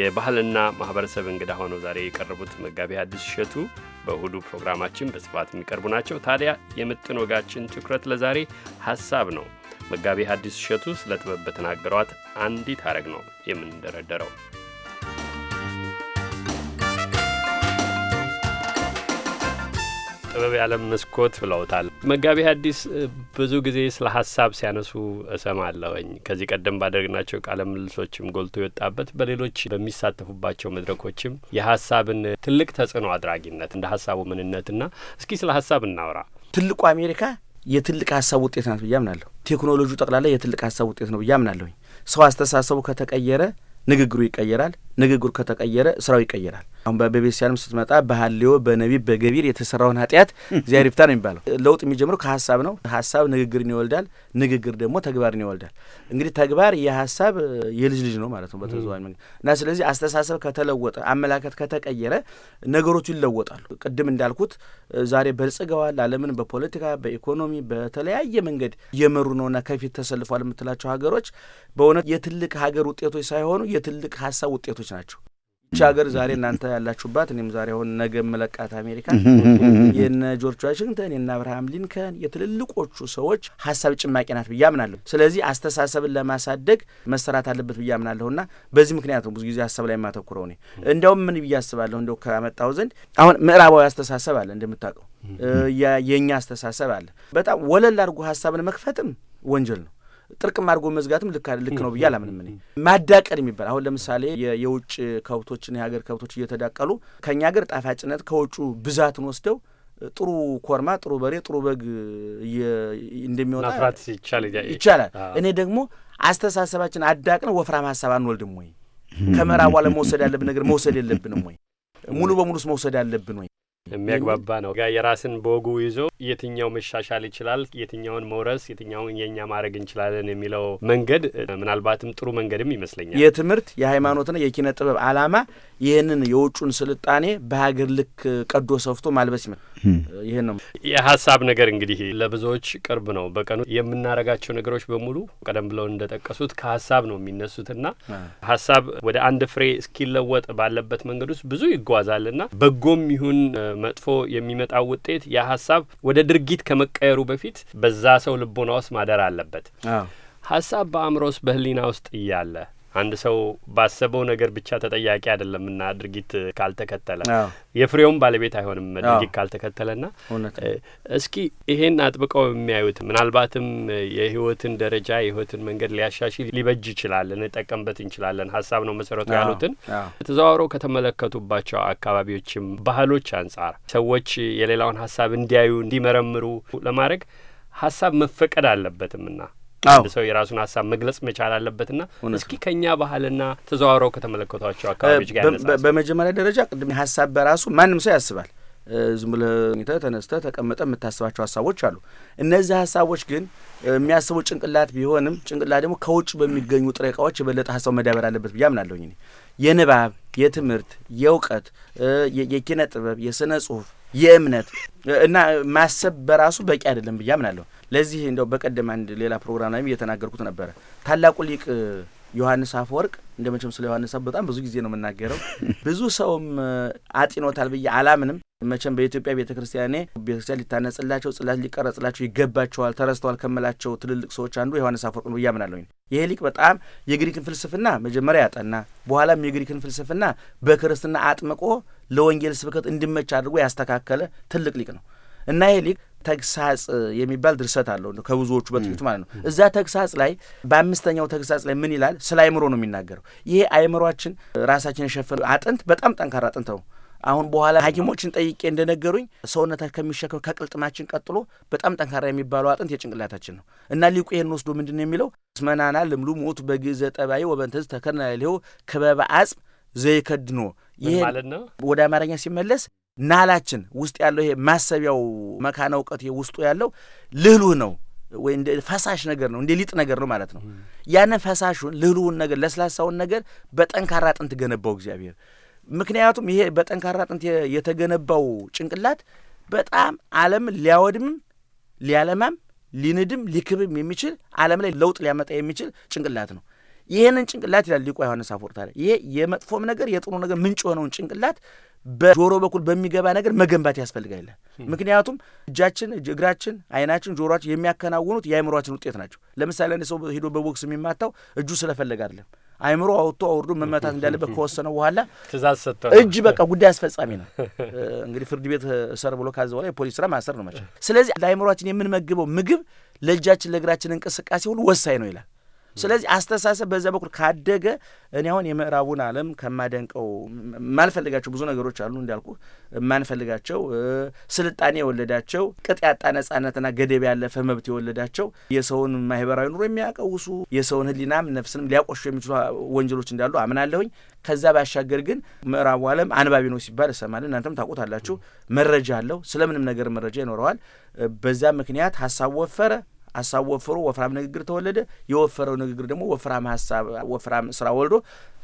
የባህልና ማህበረሰብ እንግዳ ሆነው ዛሬ የቀረቡት መጋቢ አዲስ እሸቱ በእሁዱ ፕሮግራማችን በስፋት የሚቀርቡ ናቸው። ታዲያ የምጥን ወጋችን ትኩረት ለዛሬ ሀሳብ ነው። መጋቢ ሐዲስ እሸቱ ስለ ጥበብ በተናገሯት አንዲት አረግ ነው የምንደረደረው። ጥበብ ያለም መስኮት ብለውታል መጋቢ አዲስ ብዙ ጊዜ ስለ ሀሳብ ሲያነሱ እሰማለሁኝ። ከዚህ ቀደም ባደረግናቸው ቃለ ምልልሶችም ጎልቶ የወጣበት በሌሎች በሚሳተፉባቸው መድረኮችም የሀሳብን ትልቅ ተጽዕኖ አድራጊነት እንደ ሀሳቡ ምንነትና እስኪ ስለ ሀሳብ እናውራ። ትልቁ አሜሪካ የትልቅ ሀሳብ ውጤት ናት ብዬ አምናለሁ። ቴክኖሎጂው ጠቅላላ የትልቅ ሀሳብ ውጤት ነው ብዬ አምናለሁኝ። ሰው አስተሳሰቡ ከተቀየረ ንግግሩ ይቀየራል፣ ንግግሩ ከተቀየረ ስራው ይቀየራል። አሁን በቤተክርስቲያንም ስትመጣ በሀሌዎ በነቢብ በገቢር የተሰራውን ኃጢአት እግዚአብሔር ይፍታ ነው የሚባለው። ለውጥ የሚጀምረው ከሀሳብ ነው። ሀሳብ ንግግርን ይወልዳል። ንግግር ደግሞ ተግባርን ይወልዳል። እንግዲህ ተግባር የሀሳብ የልጅ ልጅ ነው ማለት ነው በተዘዋዋኝ መንገድ እና ስለዚህ አስተሳሰብ ከተለወጠ፣ አመላከት ከተቀየረ ነገሮቹ ይለወጣሉ። ቅድም እንዳልኩት ዛሬ በልጽገዋል። ዓለምን በፖለቲካ በኢኮኖሚ በተለያየ መንገድ እየመሩ ነውና ከፊት ተሰልፏል የምትላቸው ሀገሮች በእውነት የትልቅ ሀገር ውጤቶች ሳይሆኑ የትልቅ ሀሳብ ውጤቶች ሀገሮች ናቸው። ይቺ ሀገር ዛሬ እናንተ ያላችሁባት እኔም ዛሬ አሁን ነገ መለቃት አሜሪካ የነ ጆርጅ ዋሽንግተን የነ አብርሃም ሊንከን የትልልቆቹ ሰዎች ሀሳብ ጭማቂ ናት ብዬ አምናለሁ። ስለዚህ አስተሳሰብን ለማሳደግ መሰራት አለበት ብዬ አምናለሁ እና በዚህ ምክንያት ብዙ ጊዜ ሀሳብ ላይ የማተኩረው እኔ እንደውም ምን ብዬ አስባለሁ እንደው ከመጣው ዘንድ አሁን ምዕራባዊ አስተሳሰብ አለ እንደምታውቀው የእኛ አስተሳሰብ አለ። በጣም ወለል አድርጎ ሀሳብን መክፈትም ወንጀል ነው። ጥርቅም አድርጎ መዝጋትም ልክ ነው ብዬ አላምንም። እኔ ማዳቀል የሚባል አሁን ለምሳሌ የውጭ ከብቶችን የሀገር ከብቶች እየተዳቀሉ ከእኛ ሀገር ጣፋጭነት ከውጩ ብዛትን ወስደው ጥሩ ኮርማ፣ ጥሩ በሬ፣ ጥሩ በግ እንደሚወጣ ይቻላል። እኔ ደግሞ አስተሳሰባችን አዳቅነ ወፍራም ሀሳብ አንወልድም ወይ? ከምዕራቧ ለመውሰድ ያለብን ነገር መውሰድ የለብንም ወይ? ሙሉ በሙሉስ መውሰድ ያለብን ወይ? የሚያግባባ ነው ጋር የራስን በወጉ ይዞ የትኛው መሻሻል ይችላል፣ የትኛውን መውረስ፣ የትኛውን የእኛ ማድረግ እንችላለን የሚለው መንገድ ምናልባትም ጥሩ መንገድም ይመስለኛል። የትምህርት የሃይማኖትና የኪነ ጥበብ አላማ ይህንን የውጩን ስልጣኔ በሀገር ልክ ቀዶ ሰፍቶ ማልበስ ይመል ይህ ነው የሀሳብ ነገር እንግዲህ ለብዙዎች ቅርብ ነው። በቀኑ የምናረጋቸው ነገሮች በሙሉ ቀደም ብለው እንደጠቀሱት ከሀሳብ ነው የሚነሱትና ሀሳብ ወደ አንድ ፍሬ እስኪለወጥ ባለበት መንገድ ውስጥ ብዙ ይጓዛልና በጎም ይሁን መጥፎ የሚመጣው ውጤት ሀሳብ ወደ ድርጊት ከመቀየሩ በፊት በዛ ሰው ልቦና ውስጥ ማደር አለበት። ሀሳብ በአእምሮ ውስጥ በህሊና ውስጥ እያለ አንድ ሰው ባሰበው ነገር ብቻ ተጠያቂ ና ድርጊት ካልተከተለ የፍሬውም ባለቤት አይሆንም። ድርጊት ካልተከተለና እስኪ ይሄን አጥብቀው የሚያዩት ምናልባትም የህይወትን ደረጃ የህይወትን መንገድ ሊያሻሽል ሊበጅ ይችላል፣ እንጠቀምበት እንችላለን ሀሳብ ነው መሰረቱ ያሉትን ተዘዋውሮ ከተመለከቱባቸው አካባቢዎችም ባህሎች አንጻር ሰዎች የሌላውን ሀሳብ እንዲያዩ እንዲመረምሩ ለማድረግ ሀሳብ መፈቀድ አለበትምና አንድ ሰው የራሱን ሀሳብ መግለጽ መቻል አለበትና እስኪ ከእኛ ባህልና ተዘዋውረው ከተመለከቷቸው አካባቢዎች ጋር በመጀመሪያ ደረጃ ቅድም ሀሳብ በራሱ ማንም ሰው ያስባል። ዝም ብለህ ተነስተ ተቀመጠ የምታስባቸው ሀሳቦች አሉ። እነዚህ ሀሳቦች ግን የሚያስቡ ጭንቅላት ቢሆንም ጭንቅላት ደግሞ ከውጭ በሚገኙ ጥሬ እቃዎች የበለጠ ሀሳብ መዳበር አለበት ብዬ አምናለሁኝ። የንባብ፣ የትምህርት፣ የእውቀት፣ የኪነ ጥበብ፣ የስነ ጽሁፍ፣ የእምነት እና ማሰብ በራሱ በቂ አይደለም ብዬ አምናለሁ። ለዚህ እንደው በቀደም አንድ ሌላ ፕሮግራም ላይም እየተናገርኩት ነበረ። ታላቁ ሊቅ ዮሐንስ አፈወርቅ እንደ መቼም ስለ ዮሐንስ በጣም ብዙ ጊዜ ነው የምናገረው። ብዙ ሰውም አጢኖታል ብዬ አላምንም። መቼም በኢትዮጵያ ቤተ ክርስቲያኔ ቤተክርስቲያን ሊታነጽላቸው ጽላት ሊቀረጽላቸው ይገባቸዋል ተረስተዋል ከምላቸው ትልልቅ ሰዎች አንዱ ዮሐንስ አፈወርቅ ነው ብዬ አምናለሁ። ይሄ ሊቅ በጣም የግሪክን ፍልስፍና መጀመሪያ ያጠና በኋላም የግሪክን ፍልስፍና በክርስትና አጥምቆ ለወንጌል ስብከት እንዲመች አድርጎ ያስተካከለ ትልቅ ሊቅ ነው እና ይሄ ሊቅ ተግሳጽ የሚባል ድርሰት አለው ከብዙዎቹ በጥቂቱ ማለት ነው። እዛ ተግሳጽ ላይ በአምስተኛው ተግሳጽ ላይ ምን ይላል? ስለ አይምሮ ነው የሚናገረው። ይሄ አይምሯችን ራሳችን የሸፈነ አጥንት በጣም ጠንካራ አጥንት ነው። አሁን በኋላ ሐኪሞችን ጠይቄ እንደነገሩኝ ሰውነታችን ከሚሸከም ከቅልጥማችን ቀጥሎ በጣም ጠንካራ የሚባለው አጥንት የጭንቅላታችን ነው እና ሊቁ ይሄን ወስዶ ምንድን ነው የሚለው እስመናና ልምሉ ሞቱ በግዘ ጠባይ ወበንተዝ ተከና ሊሆ ክበበ አጽም ዘይከድኖ ይህ ወደ አማርኛ ሲመለስ ናላችን ውስጥ ያለው ይሄ ማሰቢያው መካነ እውቀት ውስጡ ያለው ልህሉህ ነው ወይ እንደ ፈሳሽ ነገር ነው፣ እንደ ሊጥ ነገር ነው ማለት ነው። ያንን ፈሳሹን ልህሉውን ነገር ለስላሳውን ነገር በጠንካራ አጥንት ገነባው እግዚአብሔር። ምክንያቱም ይሄ በጠንካራ አጥንት የተገነባው ጭንቅላት በጣም ዓለም ሊያወድምም ሊያለማም ሊንድም ሊክብም የሚችል ዓለም ላይ ለውጥ ሊያመጣ የሚችል ጭንቅላት ነው። ይህንን ጭንቅላት ይላል ሊቆ ዮሐንስ አፈወርቅ ታዲያ ይሄ የመጥፎም ነገር የጥሩ ነገር ምንጭ የሆነውን ጭንቅላት በጆሮ በኩል በሚገባ ነገር መገንባት ያስፈልጋል። ምክንያቱም እጃችን፣ እግራችን፣ አይናችን፣ ጆሮችን የሚያከናውኑት የአይምሮችን ውጤት ናቸው። ለምሳሌ ሰው ሄዶ በቦክስ የሚማታው እጁ ስለፈለገ አይደለም። አይምሮ አወጥቶ አውርዶ መመታት እንዳለበት ከወሰነ በኋላ ትእዛዝ እጅ በቃ ጉዳይ አስፈጻሚ ነው። እንግዲህ ፍርድ ቤት እሰር ብሎ ካዘ በኋላ የፖሊስ ስራ ማሰር ነው መቼም። ስለዚህ ለአእምሯችን የምንመግበው ምግብ ለእጃችን ለእግራችን እንቅስቃሴ ሁሉ ወሳኝ ነው ይላል። ስለዚህ አስተሳሰብ በዛ በኩል ካደገ እኔ አሁን የምዕራቡን ዓለም ከማደንቀው የማንፈልጋቸው ብዙ ነገሮች አሉ እንዳልኩ የማንፈልጋቸው ስልጣኔ የወለዳቸው ቅጥ ያጣ ነጻነትና ገደብ ያለፈ መብት የወለዳቸው የሰውን ማህበራዊ ኑሮ የሚያቀውሱ የሰውን ህሊናም ነፍስንም ሊያቆሹ የሚችሉ ወንጀሎች እንዳሉ አምናለሁኝ። ከዛ ባሻገር ግን ምዕራቡ ዓለም አንባቢ ነው ሲባል እሰማለን። እናንተም ታውቁታላችሁ። መረጃ አለው፣ ስለምንም ነገር መረጃ ይኖረዋል። በዛ ምክንያት ሀሳብ ወፈረ ሀሳብ ወፍሮ ወፍራም ንግግር ተወለደ። የወፈረው ንግግር ደግሞ ወፍራም ሀሳብ ወፍራም ስራ ወልዶ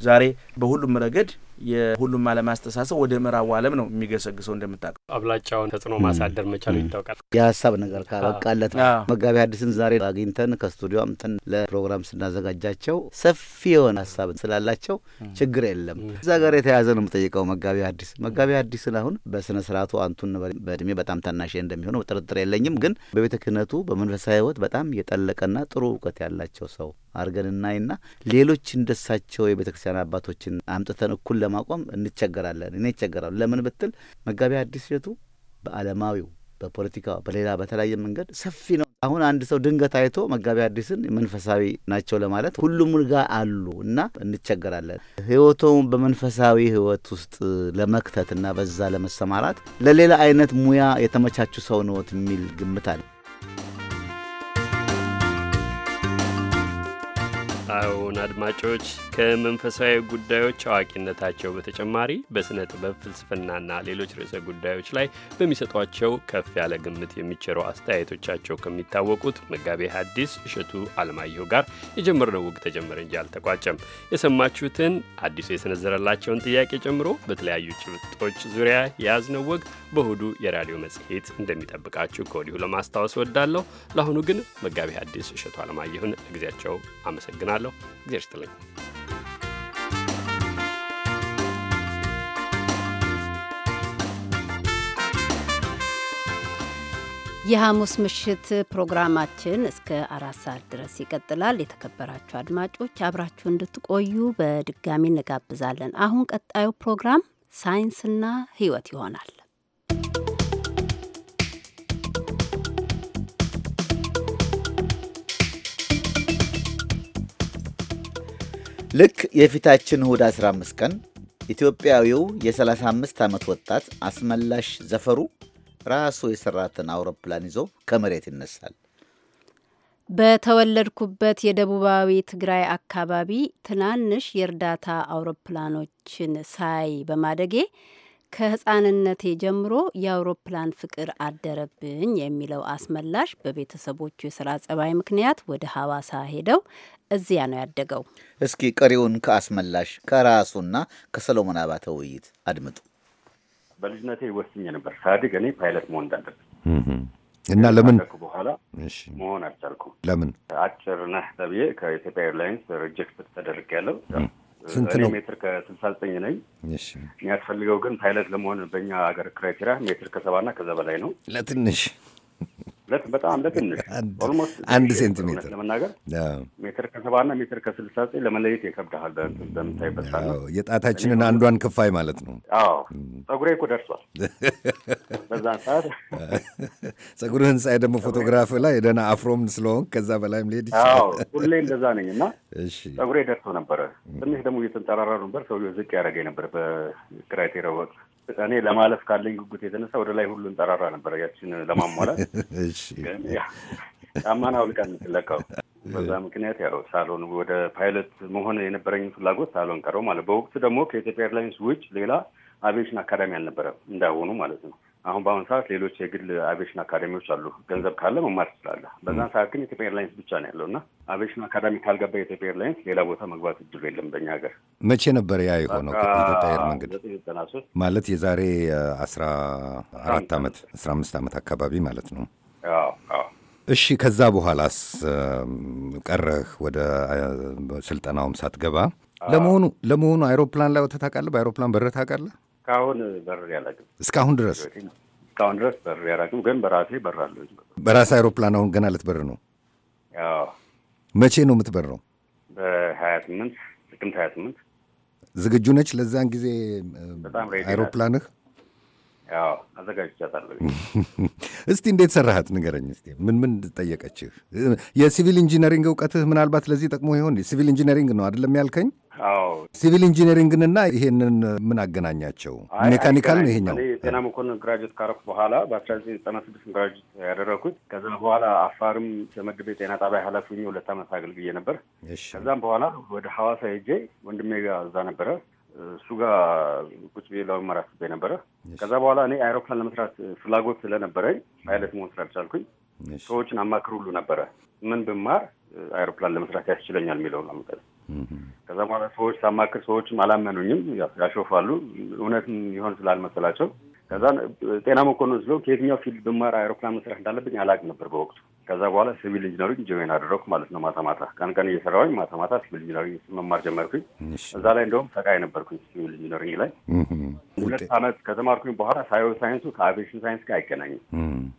ዛሬ በሁሉም ረገድ የሁሉም ዓለም አስተሳሰብ ወደ ምዕራቡ ዓለም ነው የሚገሰግሰው። እንደምታውቀው አብላጫውን ተጽዕኖ ማሳደር መቻሉ ይታወቃል። የሀሳብ ነገር ካበቃለት መጋቢ አዲስን ዛሬ አግኝተን ከስቱዲዮ አምጥተን ለፕሮግራም ስናዘጋጃቸው ሰፊ የሆነ ሀሳብ ስላላቸው ችግር የለም። እዛ ጋር የተያያዘ ነው የምጠይቀው መጋቢ አዲስ መጋቢ አዲስን አሁን በስነ ስርዓቱ አንቱን በእድሜ በጣም ታናሽ እንደሚሆነው ጥርጥር የለኝም። ግን በቤተ ክህነቱ በመንፈሳዊ ህይወት በጣም የጠለቀና ጥሩ እውቀት ያላቸው ሰው አድርገን እናይና ሌሎች እንደሳቸው የቤተ ክርስቲያን አባቶችን አምጥተን እኩል ለማቆም እንቸገራለን። እኔ ይቸገራሉ። ለምን ብትል መጋቢ አዲስ ሴቱ በዓለማዊው በፖለቲካ በሌላ በተለያየ መንገድ ሰፊ ነው። አሁን አንድ ሰው ድንገት አይቶ መጋቢ አዲስን መንፈሳዊ ናቸው ለማለት ሁሉም ጋር አሉ እና እንቸገራለን። ህይወቶም በመንፈሳዊ ህይወት ውስጥ ለመክተትና በዛ ለመሰማራት ለሌላ አይነት ሙያ የተመቻቹ ሰው ነዎት የሚል ግምት አለ። አሁን አድማጮች ከመንፈሳዊ ጉዳዮች አዋቂነታቸው በተጨማሪ በሥነ ጥበብ ፍልስፍናና ሌሎች ርዕሰ ጉዳዮች ላይ በሚሰጧቸው ከፍ ያለ ግምት የሚቸሩ አስተያየቶቻቸው ከሚታወቁት መጋቤ ሐዲስ እሸቱ አለማየሁ ጋር የጀመርነው ውግ ተጀመረ እንጂ አልተቋጨም። የሰማችሁትን አዲሱ የሰነዘረላቸውን ጥያቄ ጨምሮ በተለያዩ ጭብጦች ዙሪያ የያዝነው ወግ በእሁዱ የራዲዮ መጽሔት እንደሚጠብቃችሁ ከወዲሁ ለማስታወስ ወዳለሁ። ለአሁኑ ግን መጋቤ ሐዲስ እሸቱ አለማየሁን ለጊዜያቸው አመሰግናለሁ። አመሰግናለሁ። ጊዜ ይስጥልኝ። የሐሙስ ምሽት ፕሮግራማችን እስከ አራት ሰዓት ድረስ ይቀጥላል። የተከበራችሁ አድማጮች አብራችሁ እንድትቆዩ በድጋሚ እንጋብዛለን። አሁን ቀጣዩ ፕሮግራም ሳይንስና ሕይወት ይሆናል። ልክ የፊታችን እሁድ 15 ቀን ኢትዮጵያዊው የ35 ዓመት ወጣት አስመላሽ ዘፈሩ ራሱ የሰራትን አውሮፕላን ይዞ ከመሬት ይነሳል። በተወለድኩበት የደቡባዊ ትግራይ አካባቢ ትናንሽ የእርዳታ አውሮፕላኖችን ሳይ በማደጌ ከህፃንነቴ ጀምሮ የአውሮፕላን ፍቅር አደረብኝ የሚለው አስመላሽ በቤተሰቦቹ የስራ ጸባይ ምክንያት ወደ ሀዋሳ ሄደው እዚያ ነው ያደገው። እስኪ ቀሪውን ከአስመላሽ ከራሱና ከሰሎሞን አባተ ውይይት አድምጡ። በልጅነቴ ወስኜ ነበር ሳድግ እኔ ፓይለት መሆን እንዳለብኝ እና ለምን በኋላ መሆን አልቻልኩም። ለምን አጭር ነህ ተብዬ ከኢትዮጵያ ኤርላይንስ ሪጀክት ተደርጌያለሁ። ስንት ነው? ሜትር ከስልሳ ዘጠኝ ነኝ። የሚያስፈልገው ግን ፓይለት ለመሆን በእኛ ሀገር ክራይቴሪያ ሜትር ከሰባና ከዛ በላይ ነው። ለትንሽ በጣም ለትንሽ አንድ ሴንቲሜትር ለመናገር ሜትር ከሰባና ሜትር ከስልሳ ዘጠኝ ለመለየት የከብድሃል። በምታይበት የጣታችንን አንዷን ክፋይ ማለት ነው። አዎ ጸጉሬ እኮ ደርሷል በዛን ሰዓት። ጸጉር ሳይ ደግሞ ፎቶግራፍ ላይ ደህና አፍሮም ስለሆን ከዛ በላይም ሊሄድ ይችላል። ሁሌ እንደዛ ነኝ እና ጸጉሬ ደርሶ ነበረ። ትንሽ ደግሞ እየተንጠራራ ነበር ሰውዬው ዝቅ ያደረገ ነበር በክራይቴሪያ ወቅት እኔ ለማለፍ ካለኝ ጉጉት የተነሳ ወደ ላይ ሁሉን ጠራራ ነበረ ያችን ለማሟላት ጫማን አውልቃ የምትለካው በዛ ምክንያት ያው ሳሎን ወደ ፓይለት መሆን የነበረኝ ፍላጎት ሳሎን ቀረው ማለት በወቅቱ ደግሞ ከኢትዮጵያ ኤርላይንስ ውጭ ሌላ አቪዬሽን አካዳሚ አልነበረም እንዳይሆኑ ማለት ነው አሁን በአሁኑ ሰዓት ሌሎች የግል አቪዬሽን አካዳሚዎች አሉ። ገንዘብ ካለ መማር ትችላለህ። በዛን ሰዓት ግን ኢትዮጵያ ኤርላይንስ ብቻ ነው ያለው እና አቪዬሽን አካዳሚ ካልገባ የኢትዮጵያ ኤርላይንስ ሌላ ቦታ መግባት እድሉ የለም። በእኛ ሀገር መቼ ነበር ያ የሆነው? ኢትዮጵያ አየር መንገድ ማለት የዛሬ አስራ አራት ዓመት አስራ አምስት ዓመት አካባቢ ማለት ነው። እሺ ከዛ በኋላስ ቀረህ ወደ ስልጠናውም ሳትገባ ለመሆኑ ለመሆኑ አይሮፕላን ላይ ወተህ ታውቃለህ? በአይሮፕላን በረህ ታውቃለህ? እስካሁን በሬ አላውቅም። እስካሁን ድረስ እስካሁን ድረስ በሬ አላውቅም፣ ግን በራሴ በራለሁ። በራሴ አይሮፕላን አሁን ገና ልትበር ነው? መቼ ነው የምትበረው? በሀያ ስምንት ጥቅምት ሀያ ስምንት ዝግጁ ነች ለዛን ጊዜ አይሮፕላንህ? አዘጋጅቻታለሁ። እስቲ እንዴት ሰራሃት ንገረኝ። እስቲ ምን ምን ጠየቀችህ? የሲቪል ኢንጂነሪንግ እውቀትህ ምናልባት ለዚህ ጠቅሞ ይሆን? ሲቪል ኢንጂነሪንግ ነው አይደለም ያልከኝ? አዎ ሲቪል ኢንጂነሪንግንና ይሄንን ምን አገናኛቸው? ሜካኒካል ነው ይሄኛው። ጤና መኮንን ግራጅት ካረኩ በኋላ በአስራ ዘጠኝ ዘጠና ስድስት ያደረኩት። ከዛ በኋላ አፋርም ተመድቤ ጤና ጣቢያ ኃላፊ ሁለት ዓመት አገልግዬ ነበር። ከዛም በኋላ ወደ ሐዋሳ ሄጄ ወንድሜ ጋር እዛ ነበረ እሱ ጋር ቁጭ ብዬ ለመማር ስበ ነበረ። ከዛ በኋላ እኔ አይሮፕላን ለመስራት ፍላጎት ስለነበረኝ ፓይለት መሆን ስላልቻልኩኝ ሰዎችን አማክር ነበረ ምን ብማር አይሮፕላን ለመስራት ያስችለኛል የሚለውን አመጠ ከዛ በኋላ ሰዎች ሳማክር ሰዎችም አላመኑኝም፣ ያሾፋሉ። እውነትም ይሆን ስላልመሰላቸው ከዛ ጤና መኮንን ስለው ከየትኛው ፊልድ ብማር አይሮፕላን መስራት እንዳለብኝ አላቅ ነበር በወቅቱ ከዛ በኋላ ሲቪል ኢንጂነሪንግ ጆይን አደረኩ ማለት ነው። ማታ ማታ ቀን ቀን እየሰራሁኝ ማታ ማታ ሲቪል ኢንጂነሪንግ መማር ጀመርኩኝ። እዛ ላይ እንደውም ሰቃይ ነበርኩኝ ሲቪል ኢንጂነሪንግ ላይ ሁለት ዓመት ከተማርኩኝ በኋላ ሳዮ ሳይንሱ ከአቪዬሽን ሳይንስ ጋር አይገናኝም።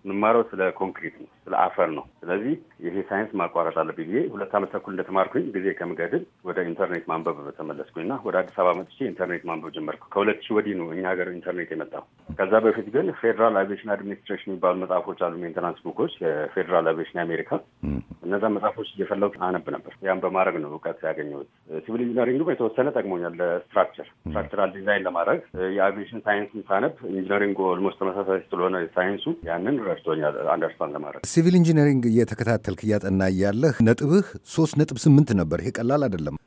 የምማረው ስለ ኮንክሪት ነው፣ ስለ አፈር ነው። ስለዚህ ይሄ ሳይንስ ማቋረጥ አለብኝ ብዬ ሁለት ዓመት ተኩል እንደተማርኩኝ ጊዜ ከምገድል ወደ ኢንተርኔት ማንበብ በተመለስኩኝ እና ወደ አዲስ አበባ መጥቼ ኢንተርኔት ማንበብ ጀመርኩ። ከሁለት ሺህ ወዲህ ነው እኛ ሀገር ኢንተርኔት የመጣው። ከዛ በፊት ግን ፌዴራል አቪዬሽን አድሚኒስትሬሽን የሚባሉ መጽሐፎች አሉ፣ ሜንተናንስ ቡኮች የፌዴራል ሳልቬሽን አሜሪካ እነዛ መጽሐፎች እየፈለጉ አነብ ነበር። ያም በማድረግ ነው እውቀት ያገኘሁት። ሲቪል ኢንጂነሪንግም የተወሰነ ጠቅሞኛል። ለስትራክቸር ስትራክቸራል ዲዛይን ለማድረግ የአቪዬሽን ሳይንስን ሳነብ ኢንጂነሪንግ ኦልሞስት ተመሳሳይ ስለሆነ ሳይንሱ ያንን ረድቶኛል አንደርስታንድ ለማድረግ። ሲቪል ኢንጂነሪንግ እየተከታተልክ እያጠና እያለህ ነጥብህ ሶስት ነጥብ ስምንት ነበር። ይሄ ቀላል አይደለም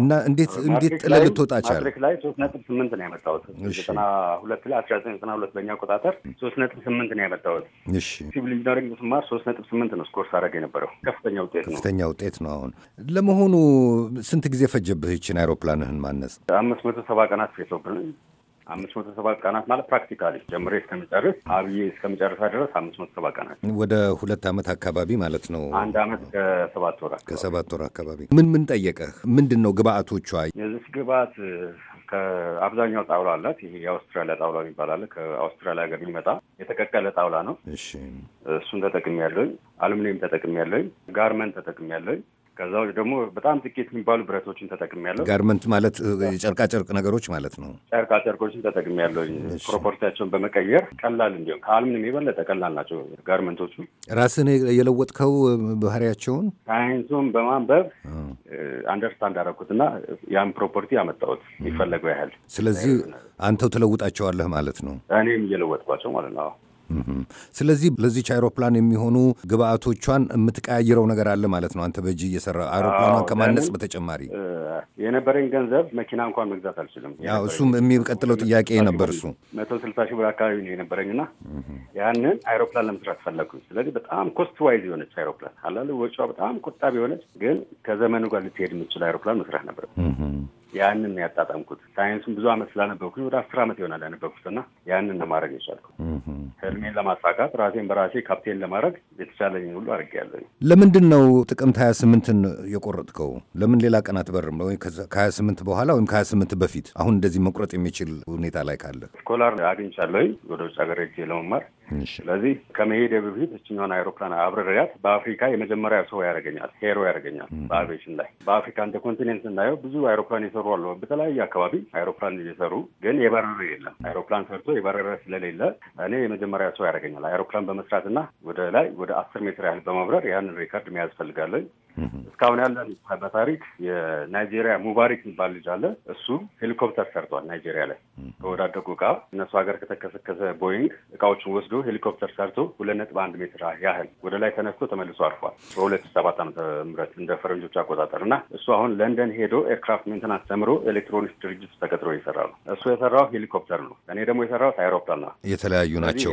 እና እንዴት እንዴት ጥለ ልትወጣ ቻለ? ላይ ሶስት ነጥብ ስምንት ነው ያመጣሁት ዘጠና ሁለት ላይ አስራ ዘጠኝ ዘጠና ሁለት በእኛ አቆጣጠር ሶስት ነጥብ ስምንት ነው ያመጣሁት። ሲቪል ኢንጂነሪንግ ስማር ሶስት ነጥብ ስምንት ሳምንት ነው ስኮርስ አረግ የነበረው። ከፍተኛ ውጤት ነው፣ ከፍተኛ ውጤት ነው። አሁን ለመሆኑ ስንት ጊዜ ፈጀብህ ይችን አይሮፕላንህን ማነጽ? አምስት መቶ ሰባ ቀናት ፈጅቶብን አምስት መቶ ሰባ ቀናት ማለት ፕራክቲካሊ ጀምሬ እስከመጨርስ አብዬ እስከመጨረሳ ድረስ አምስት መቶ ሰባ ቀናት ወደ ሁለት ዓመት አካባቢ ማለት ነው። አንድ ዓመት ከሰባት ወር ከሰባት ወር አካባቢ ምን ምን ጠየቀህ? ምንድን ነው ግብአቶቿ? የዚህ ግብአት ከአብዛኛው ጣውላ አላት። ይሄ የአውስትራሊያ ጣውላ የሚባል አለ። ከአውስትራሊያ ሀገር የሚመጣ የተቀቀለ ጣውላ ነው። እሱን ተጠቅሚ ያለኝ፣ አሉሚኒየም ተጠቅሚ ያለኝ፣ ጋርመንት ተጠቅሚ ያለኝ ከዛ ውጭ ደግሞ በጣም ጥቂት የሚባሉ ብረቶችን ተጠቅም ያለው ጋርመንት ማለት የጨርቃጨርቅ ነገሮች ማለት ነው። ጨርቃጨርቆችን ተጠቅም ያለው ፕሮፖርቲያቸውን በመቀየር ቀላል እንዲሁም ከአልምንም የበለጠ ቀላል ናቸው ጋርመንቶቹ። ራስን የለወጥከው ባህሪያቸውን ሳይንሱን በማንበብ አንደርስታንድ አደረኩትና ያን ፕሮፖርቲ አመጣሁት ይፈለገው ያህል። ስለዚህ አንተው ትለውጣቸዋለህ ማለት ነው። እኔም እየለወጥኳቸው ማለት ነው። ስለዚህ ለዚች አይሮፕላን የሚሆኑ ግብአቶቿን የምትቀያይረው ነገር አለ ማለት ነው። አንተ በእጅ እየሰራ አይሮፕላኗን ከማነጽ በተጨማሪ የነበረኝ ገንዘብ መኪና እንኳን መግዛት አልችልም። እሱም የሚቀጥለው ጥያቄ ነበር። እሱ መቶ ስልሳ ሺህ ብር አካባቢ ነው የነበረኝና ያንን አይሮፕላን ለመስራት ፈለግኩኝ። ስለዚህ በጣም ኮስት ዋይዝ የሆነች አይሮፕላን አላለ ወጪዋ በጣም ቆጣቢ የሆነች ግን ከዘመኑ ጋር ልትሄድ የምችል አይሮፕላን መስራት ነበር። ያንን ያጣጣምኩት ሳይንሱን ብዙ አመት ስላነበርኩኝ ወደ አስር አመት ይሆናል ያነበርኩት እና ያንን ለማድረግ የቻልኩት ህልሜን ለማሳካት ራሴን በራሴ ካፕቴን ለማድረግ የተቻለኝን ሁሉ አድርጌያለሁ። ለምንድን ነው ጥቅምት ሀያ ስምንትን የቆረጥከው? ለምን ሌላ ቀን አትበርም? ከሀያ ስምንት በኋላ ወይም ከሀያ ስምንት በፊት አሁን እንደዚህ መቁረጥ የሚችል ሁኔታ ላይ ካለ ስኮላር አግኝቻለሁኝ ወደ ውጭ ሀገር ሄጄ ለመማር ስለዚህ ከመሄድ በፊት እችኛን አይሮፕላን አብረሪያት በአፍሪካ የመጀመሪያ ሰው ያደርገኛል፣ ሄሮ ያደርገኛል በአቪዬሽን ላይ። በአፍሪካ እንደ ኮንቲኔንት ስናየው ብዙ አይሮፕላን የሰሩ አለ። በተለያየ አካባቢ አይሮፕላን እየሰሩ ግን የበረረ የለም። አይሮፕላን ሰርቶ የበረረ ስለሌለ እኔ የመጀመሪያ ሰው ያደርገኛል። አይሮፕላን በመስራትና ወደ ላይ ወደ አስር ሜትር ያህል በመብረር ያንን ሪከርድ መያዝ ፈልጋለሁ። እስካሁን ያለን በታሪክ የናይጄሪያ ሙባሪክ የሚባል ልጅ አለ። እሱ ሄሊኮፕተር ሰርቷል። ናይጄሪያ ላይ ከወዳደቁ እቃ እነሱ ሀገር ከተከሰከሰ ቦይንግ እቃዎችን ወስዶ ሄሊኮፕተር ሰርቶ ሁለት ነጥብ አንድ ሜትር ያህል ወደ ላይ ተነስቶ ተመልሶ አርፏል በሁለት ሰባት ዓመተ ምህረት እንደ ፈረንጆች አቆጣጠር እና እሱ አሁን ለንደን ሄዶ ኤርክራፍት ሜንተናንስ ተምሮ ኤሌክትሮኒክስ ድርጅት ተቀጥሮ ይሰራ ነው። እሱ የሰራው ሄሊኮፕተር ነው። እኔ ደግሞ የሰራሁት አይሮፕላን ነው። የተለያዩ ናቸው።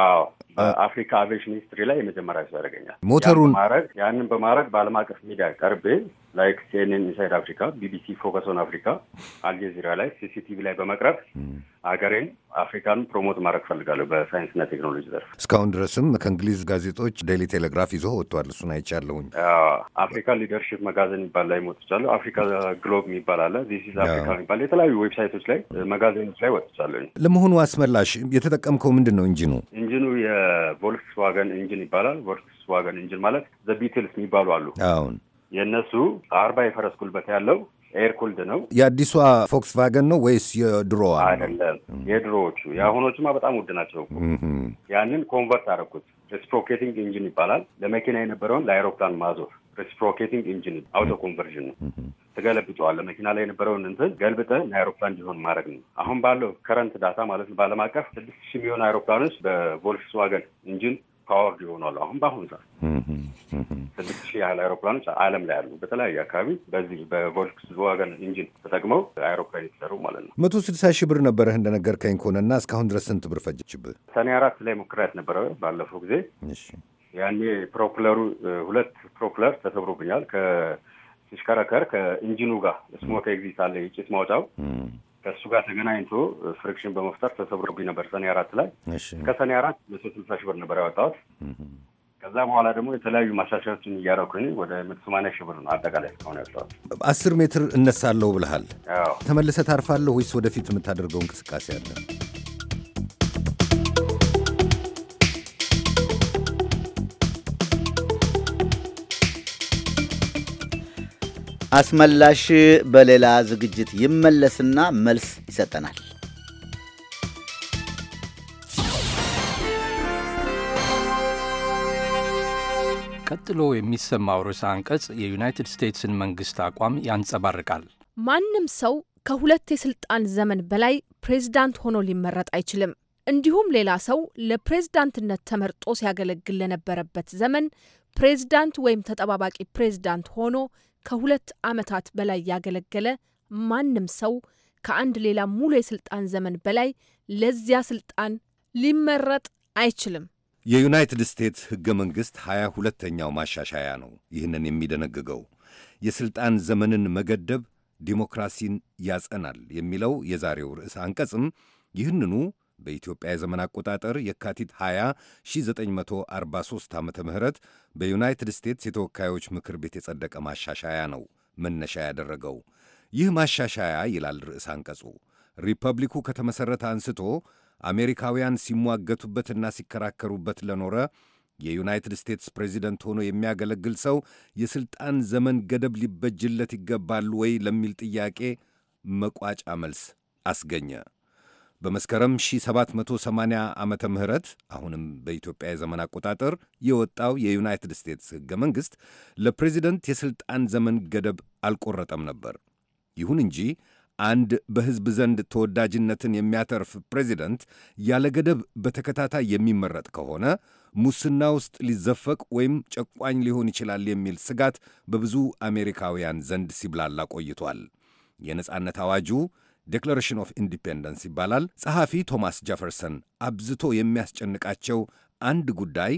አዎ በአፍሪካ አቪዬሽን ሂስትሪ ላይ የመጀመሪያ ሰው ያደርገኛል። ሞተሩን ማድረግ ያንን በማድረግ በዓለም አቀፍ ሚዲያ ቀርቤ ላይክ ሲኤንኤን ኢንሳይድ አፍሪካ፣ ቢቢሲ ፎከስ ኦን አፍሪካ፣ አልጀዚራ ላይ፣ ሲሲቲቪ ላይ በመቅረብ አገሬን hmm. አፍሪካን ፕሮሞት ማድረግ ፈልጋለሁ በሳይንስና ቴክኖሎጂ ዘርፍ። እስካሁን ድረስም ከእንግሊዝ ጋዜጦች ዴይሊ ቴሌግራፍ ይዞ ወጥቷል። እሱን አይቻለሁኝ። አፍሪካ ሊደርሽፕ መጋዘን ይባል ላይ ወጥቻለሁ። አፍሪካ ግሎብ የሚባል አለ፣ ዚስ አፍሪካ የሚባል የተለያዩ ዌብሳይቶች ላይ መጋዘኖች ላይ ወጥቻለሁ። ለመሆኑ አስመላሽ የተጠቀምከው ምንድን ነው ኢንጂኑ? ኢንጂኑ የቮልክስዋገን ኢንጂን ይባላል። ቮልክስዋገን ኢንጂን ማለት ዘ ቢትልስ የሚባሉ አሉ። አሁን የእነሱ አርባ የፈረስ ጉልበት ያለው ኤርኩልድ ነው። የአዲሷ ፎክስ ነው ወይስ የድሮዋ? አይደለም፣ የድሮዎቹ። የአሁኖቹማ በጣም ውድ ናቸው። ያንን ኮንቨርት አደረኩት። ሪስፕሮኬቲንግ ኢንጂን ይባላል። ለመኪና የነበረውን ለአይሮፕላን ማዞር ሪስፕሮኬቲንግ ኢንጂን አውቶ ኮንቨርዥን ነው። ትገለብጠዋል። ለመኪና ላይ የነበረውን እንትን ገልብጠ ለአይሮፕላን እንዲሆን ማድረግ ነው። አሁን ባለው ከረንት ዳታ ማለት ነው። በዓለም አቀፍ ስድስት ሺህ የሚሆን አይሮፕላኖች በቮልክስዋገን ኢንጂን ፓወርድ ይሆናሉ። አሁን በአሁኑ ሰዓት ስድስት ሺህ ያህል አይሮፕላኖች ዓለም ላይ ያሉ በተለያዩ አካባቢ በዚህ በቮልክስ ዋገን ኢንጂን ተጠቅመው አይሮፕላን የተሰሩ ማለት ነው። መቶ ስድሳ ሺህ ብር ነበረህ እንደነገርከኝ ከሆነ እና እስካሁን ድረስ ስንት ብር ፈጅችብህ? ሰኔ አራት ላይ ሞክሪያት ነበረ ባለፈው ጊዜ። ያኔ ፕሮፕለሩ ሁለት ፕሮፕለር ተሰብሮብኛል። ከሲሽከረከር ከኢንጂኑ ጋር ስሞክ ኤግዚት አለ የጭስ ማውጫው ከእሱ ጋር ተገናኝቶ ፍሪክሽን በመፍጠር ተሰብሮብኝ ነበር ሰኔ አራት ላይ እስከ ሰኔ አራት ለሶስት ስልሳ ሺህ ብር ነበር ያወጣሁት። ከዛ በኋላ ደግሞ የተለያዩ ማሻሻያዎችን እያረኩ ወደ መቶ ሰማንያ ሺህ ብር ነው አጠቃላይ እስካሁን ያወጣሁት። አስር ሜትር እነሳለሁ ብለሃል። ተመልሰ ታርፋለሁ ወይስ ወደፊት የምታደርገው እንቅስቃሴ አለ? አስመላሽ በሌላ ዝግጅት ይመለስና መልስ ይሰጠናል። ቀጥሎ የሚሰማው ርዕሰ አንቀጽ የዩናይትድ ስቴትስን መንግሥት አቋም ያንጸባርቃል። ማንም ሰው ከሁለት የሥልጣን ዘመን በላይ ፕሬዝዳንት ሆኖ ሊመረጥ አይችልም። እንዲሁም ሌላ ሰው ለፕሬዝዳንትነት ተመርጦ ሲያገለግል ለነበረበት ዘመን ፕሬዝዳንት ወይም ተጠባባቂ ፕሬዝዳንት ሆኖ ከሁለት ዓመታት በላይ ያገለገለ ማንም ሰው ከአንድ ሌላ ሙሉ የስልጣን ዘመን በላይ ለዚያ ስልጣን ሊመረጥ አይችልም። የዩናይትድ ስቴትስ ሕገ መንግሥት ሀያ ሁለተኛው ማሻሻያ ነው ይህንን የሚደነግገው። የሥልጣን ዘመንን መገደብ ዲሞክራሲን ያጸናል የሚለው የዛሬው ርዕስ አንቀጽም ይህንኑ በኢትዮጵያ የዘመን አቆጣጠር የካቲት 20 1943 ዓ ም በዩናይትድ ስቴትስ የተወካዮች ምክር ቤት የጸደቀ ማሻሻያ ነው መነሻ ያደረገው። ይህ ማሻሻያ ይላል ርዕስ አንቀጹ፣ ሪፐብሊኩ ከተመሠረተ አንስቶ አሜሪካውያን ሲሟገቱበትና ሲከራከሩበት ለኖረ የዩናይትድ ስቴትስ ፕሬዚደንት ሆኖ የሚያገለግል ሰው የሥልጣን ዘመን ገደብ ሊበጅለት ይገባል ወይ ለሚል ጥያቄ መቋጫ መልስ አስገኘ። በመስከረም 1780 ዓመተ ምህረት አሁንም በኢትዮጵያ የዘመን አቆጣጠር የወጣው የዩናይትድ ስቴትስ ሕገ መንግሥት ለፕሬዚደንት የሥልጣን ዘመን ገደብ አልቆረጠም ነበር። ይሁን እንጂ አንድ በሕዝብ ዘንድ ተወዳጅነትን የሚያተርፍ ፕሬዚደንት ያለ ገደብ በተከታታይ የሚመረጥ ከሆነ ሙስና ውስጥ ሊዘፈቅ ወይም ጨቋኝ ሊሆን ይችላል የሚል ስጋት በብዙ አሜሪካውያን ዘንድ ሲብላላ ቆይቷል። የነጻነት አዋጁ ዴክለሬሽን ኦፍ ኢንዲፔንደንስ ይባላል። ጸሐፊ ቶማስ ጀፈርሰን አብዝቶ የሚያስጨንቃቸው አንድ ጉዳይ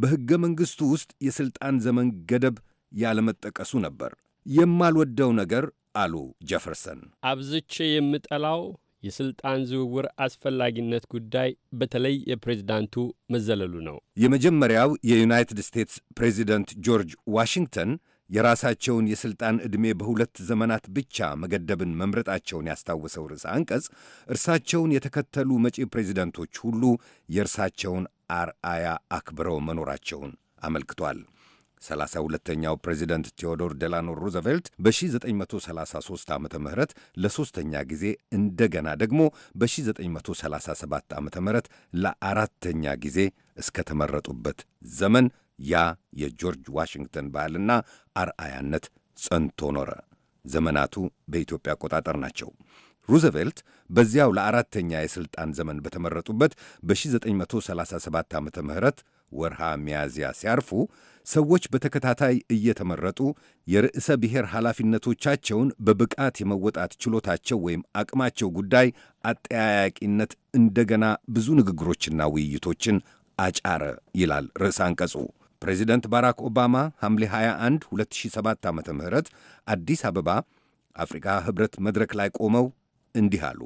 በሕገ መንግሥቱ ውስጥ የሥልጣን ዘመን ገደብ ያለመጠቀሱ ነበር። የማልወደው ነገር አሉ ጀፈርሰን፣ አብዝቼ የምጠላው የሥልጣን ዝውውር አስፈላጊነት ጉዳይ በተለይ የፕሬዚዳንቱ መዘለሉ ነው። የመጀመሪያው የዩናይትድ ስቴትስ ፕሬዚደንት ጆርጅ ዋሽንግተን የራሳቸውን የሥልጣን ዕድሜ በሁለት ዘመናት ብቻ መገደብን መምረጣቸውን ያስታወሰው ርዕሰ አንቀጽ እርሳቸውን የተከተሉ መጪ ፕሬዚደንቶች ሁሉ የእርሳቸውን አርአያ አክብረው መኖራቸውን አመልክቷል። 32ኛው ፕሬዚደንት ቴዎዶር ደላኖ ሩዘቬልት በ1933 ዓ ም ለሦስተኛ ጊዜ እንደገና ደግሞ በ1937 ዓ ም ለአራተኛ ጊዜ እስከተመረጡበት ዘመን ያ የጆርጅ ዋሽንግተን ባህልና አርአያነት ጸንቶ ኖረ። ዘመናቱ በኢትዮጵያ አቆጣጠር ናቸው። ሩዘቬልት በዚያው ለአራተኛ የሥልጣን ዘመን በተመረጡበት በ1937 ዓ ም ወርሃ ሚያዝያ ሲያርፉ ሰዎች በተከታታይ እየተመረጡ የርዕሰ ብሔር ኃላፊነቶቻቸውን በብቃት የመወጣት ችሎታቸው ወይም አቅማቸው ጉዳይ አጠያያቂነት እንደገና ብዙ ንግግሮችና ውይይቶችን አጫረ ይላል ርዕሰ አንቀጹ። ፕሬዚደንት ባራክ ኦባማ ሐምሌ 21 2007 ዓ ም አዲስ አበባ አፍሪካ ኅብረት መድረክ ላይ ቆመው እንዲህ አሉ።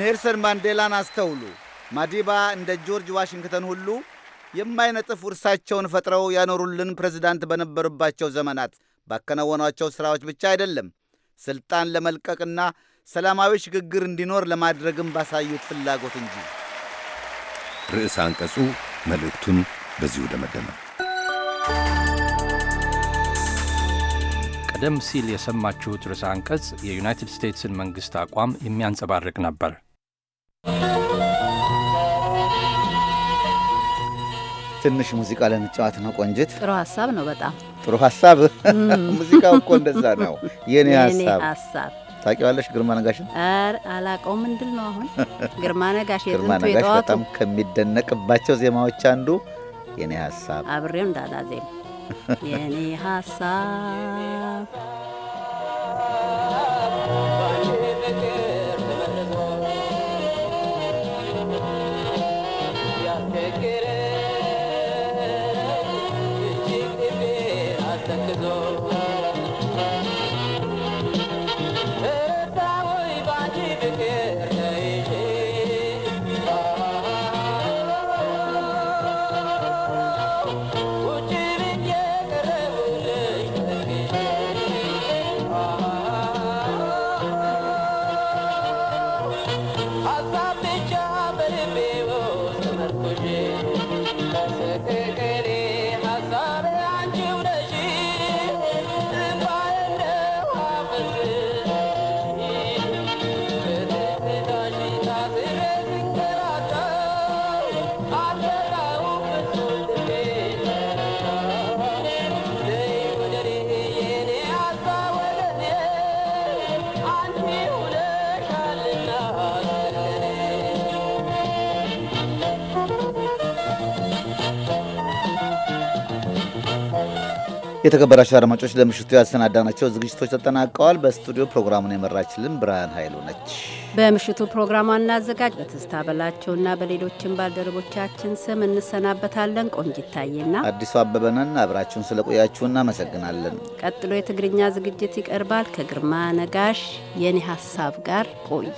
ኔልሰን ማንዴላን አስተውሉ። ማዲባ እንደ ጆርጅ ዋሽንግተን ሁሉ የማይነጥፍ ውርሳቸውን ፈጥረው ያኖሩልን ፕሬዚዳንት በነበሩባቸው ዘመናት ባከናወኗቸው ሥራዎች ብቻ አይደለም፣ ሥልጣን ለመልቀቅና ሰላማዊ ሽግግር እንዲኖር ለማድረግም ባሳዩት ፍላጎት እንጂ። ርዕሰ አንቀጹ መልእክቱን በዚሁ ደመደመ። ቀደም ሲል የሰማችሁት ርዕሰ አንቀጽ የዩናይትድ ስቴትስን መንግሥት አቋም የሚያንጸባርቅ ነበር። ትንሽ ሙዚቃ ለመጫወት ነው። ቆንጅት፣ ጥሩ ሀሳብ ነው። በጣም ጥሩ ሀሳብ። ሙዚቃው እኮ እንደዛ ነው። የኔ ሀሳብ ታውቂዋለሽ? ግርማ ነጋሽን አላውቀውም እንድል ነው አሁን። ግርማ ነጋሽ ግርማ ነጋሽ በጣም ከሚደነቅባቸው ዜማዎች አንዱ የኔ ሀሳብ አብሬው እንዳላዜም የኔ ሀሳብ የተከበራችሁ አድማጮች ለምሽቱ ያሰናዳናቸው ዝግጅቶች ተጠናቀዋል። በስቱዲዮ ፕሮግራሙን የመራችልን ብርሃን ኃይሉ ነች። በምሽቱ ፕሮግራሟን አናዘጋጅ በትዝታ በላቸውና በሌሎችም ባልደረቦቻችን ስም እንሰናበታለን። ቆንጅ ይታየና አዲሱ አበበነን አብራችሁን ስለቆያችሁ እናመሰግናለን። ቀጥሎ የትግርኛ ዝግጅት ይቀርባል። ከግርማ ነጋሽ የኔ ሀሳብ ጋር ቆዩ።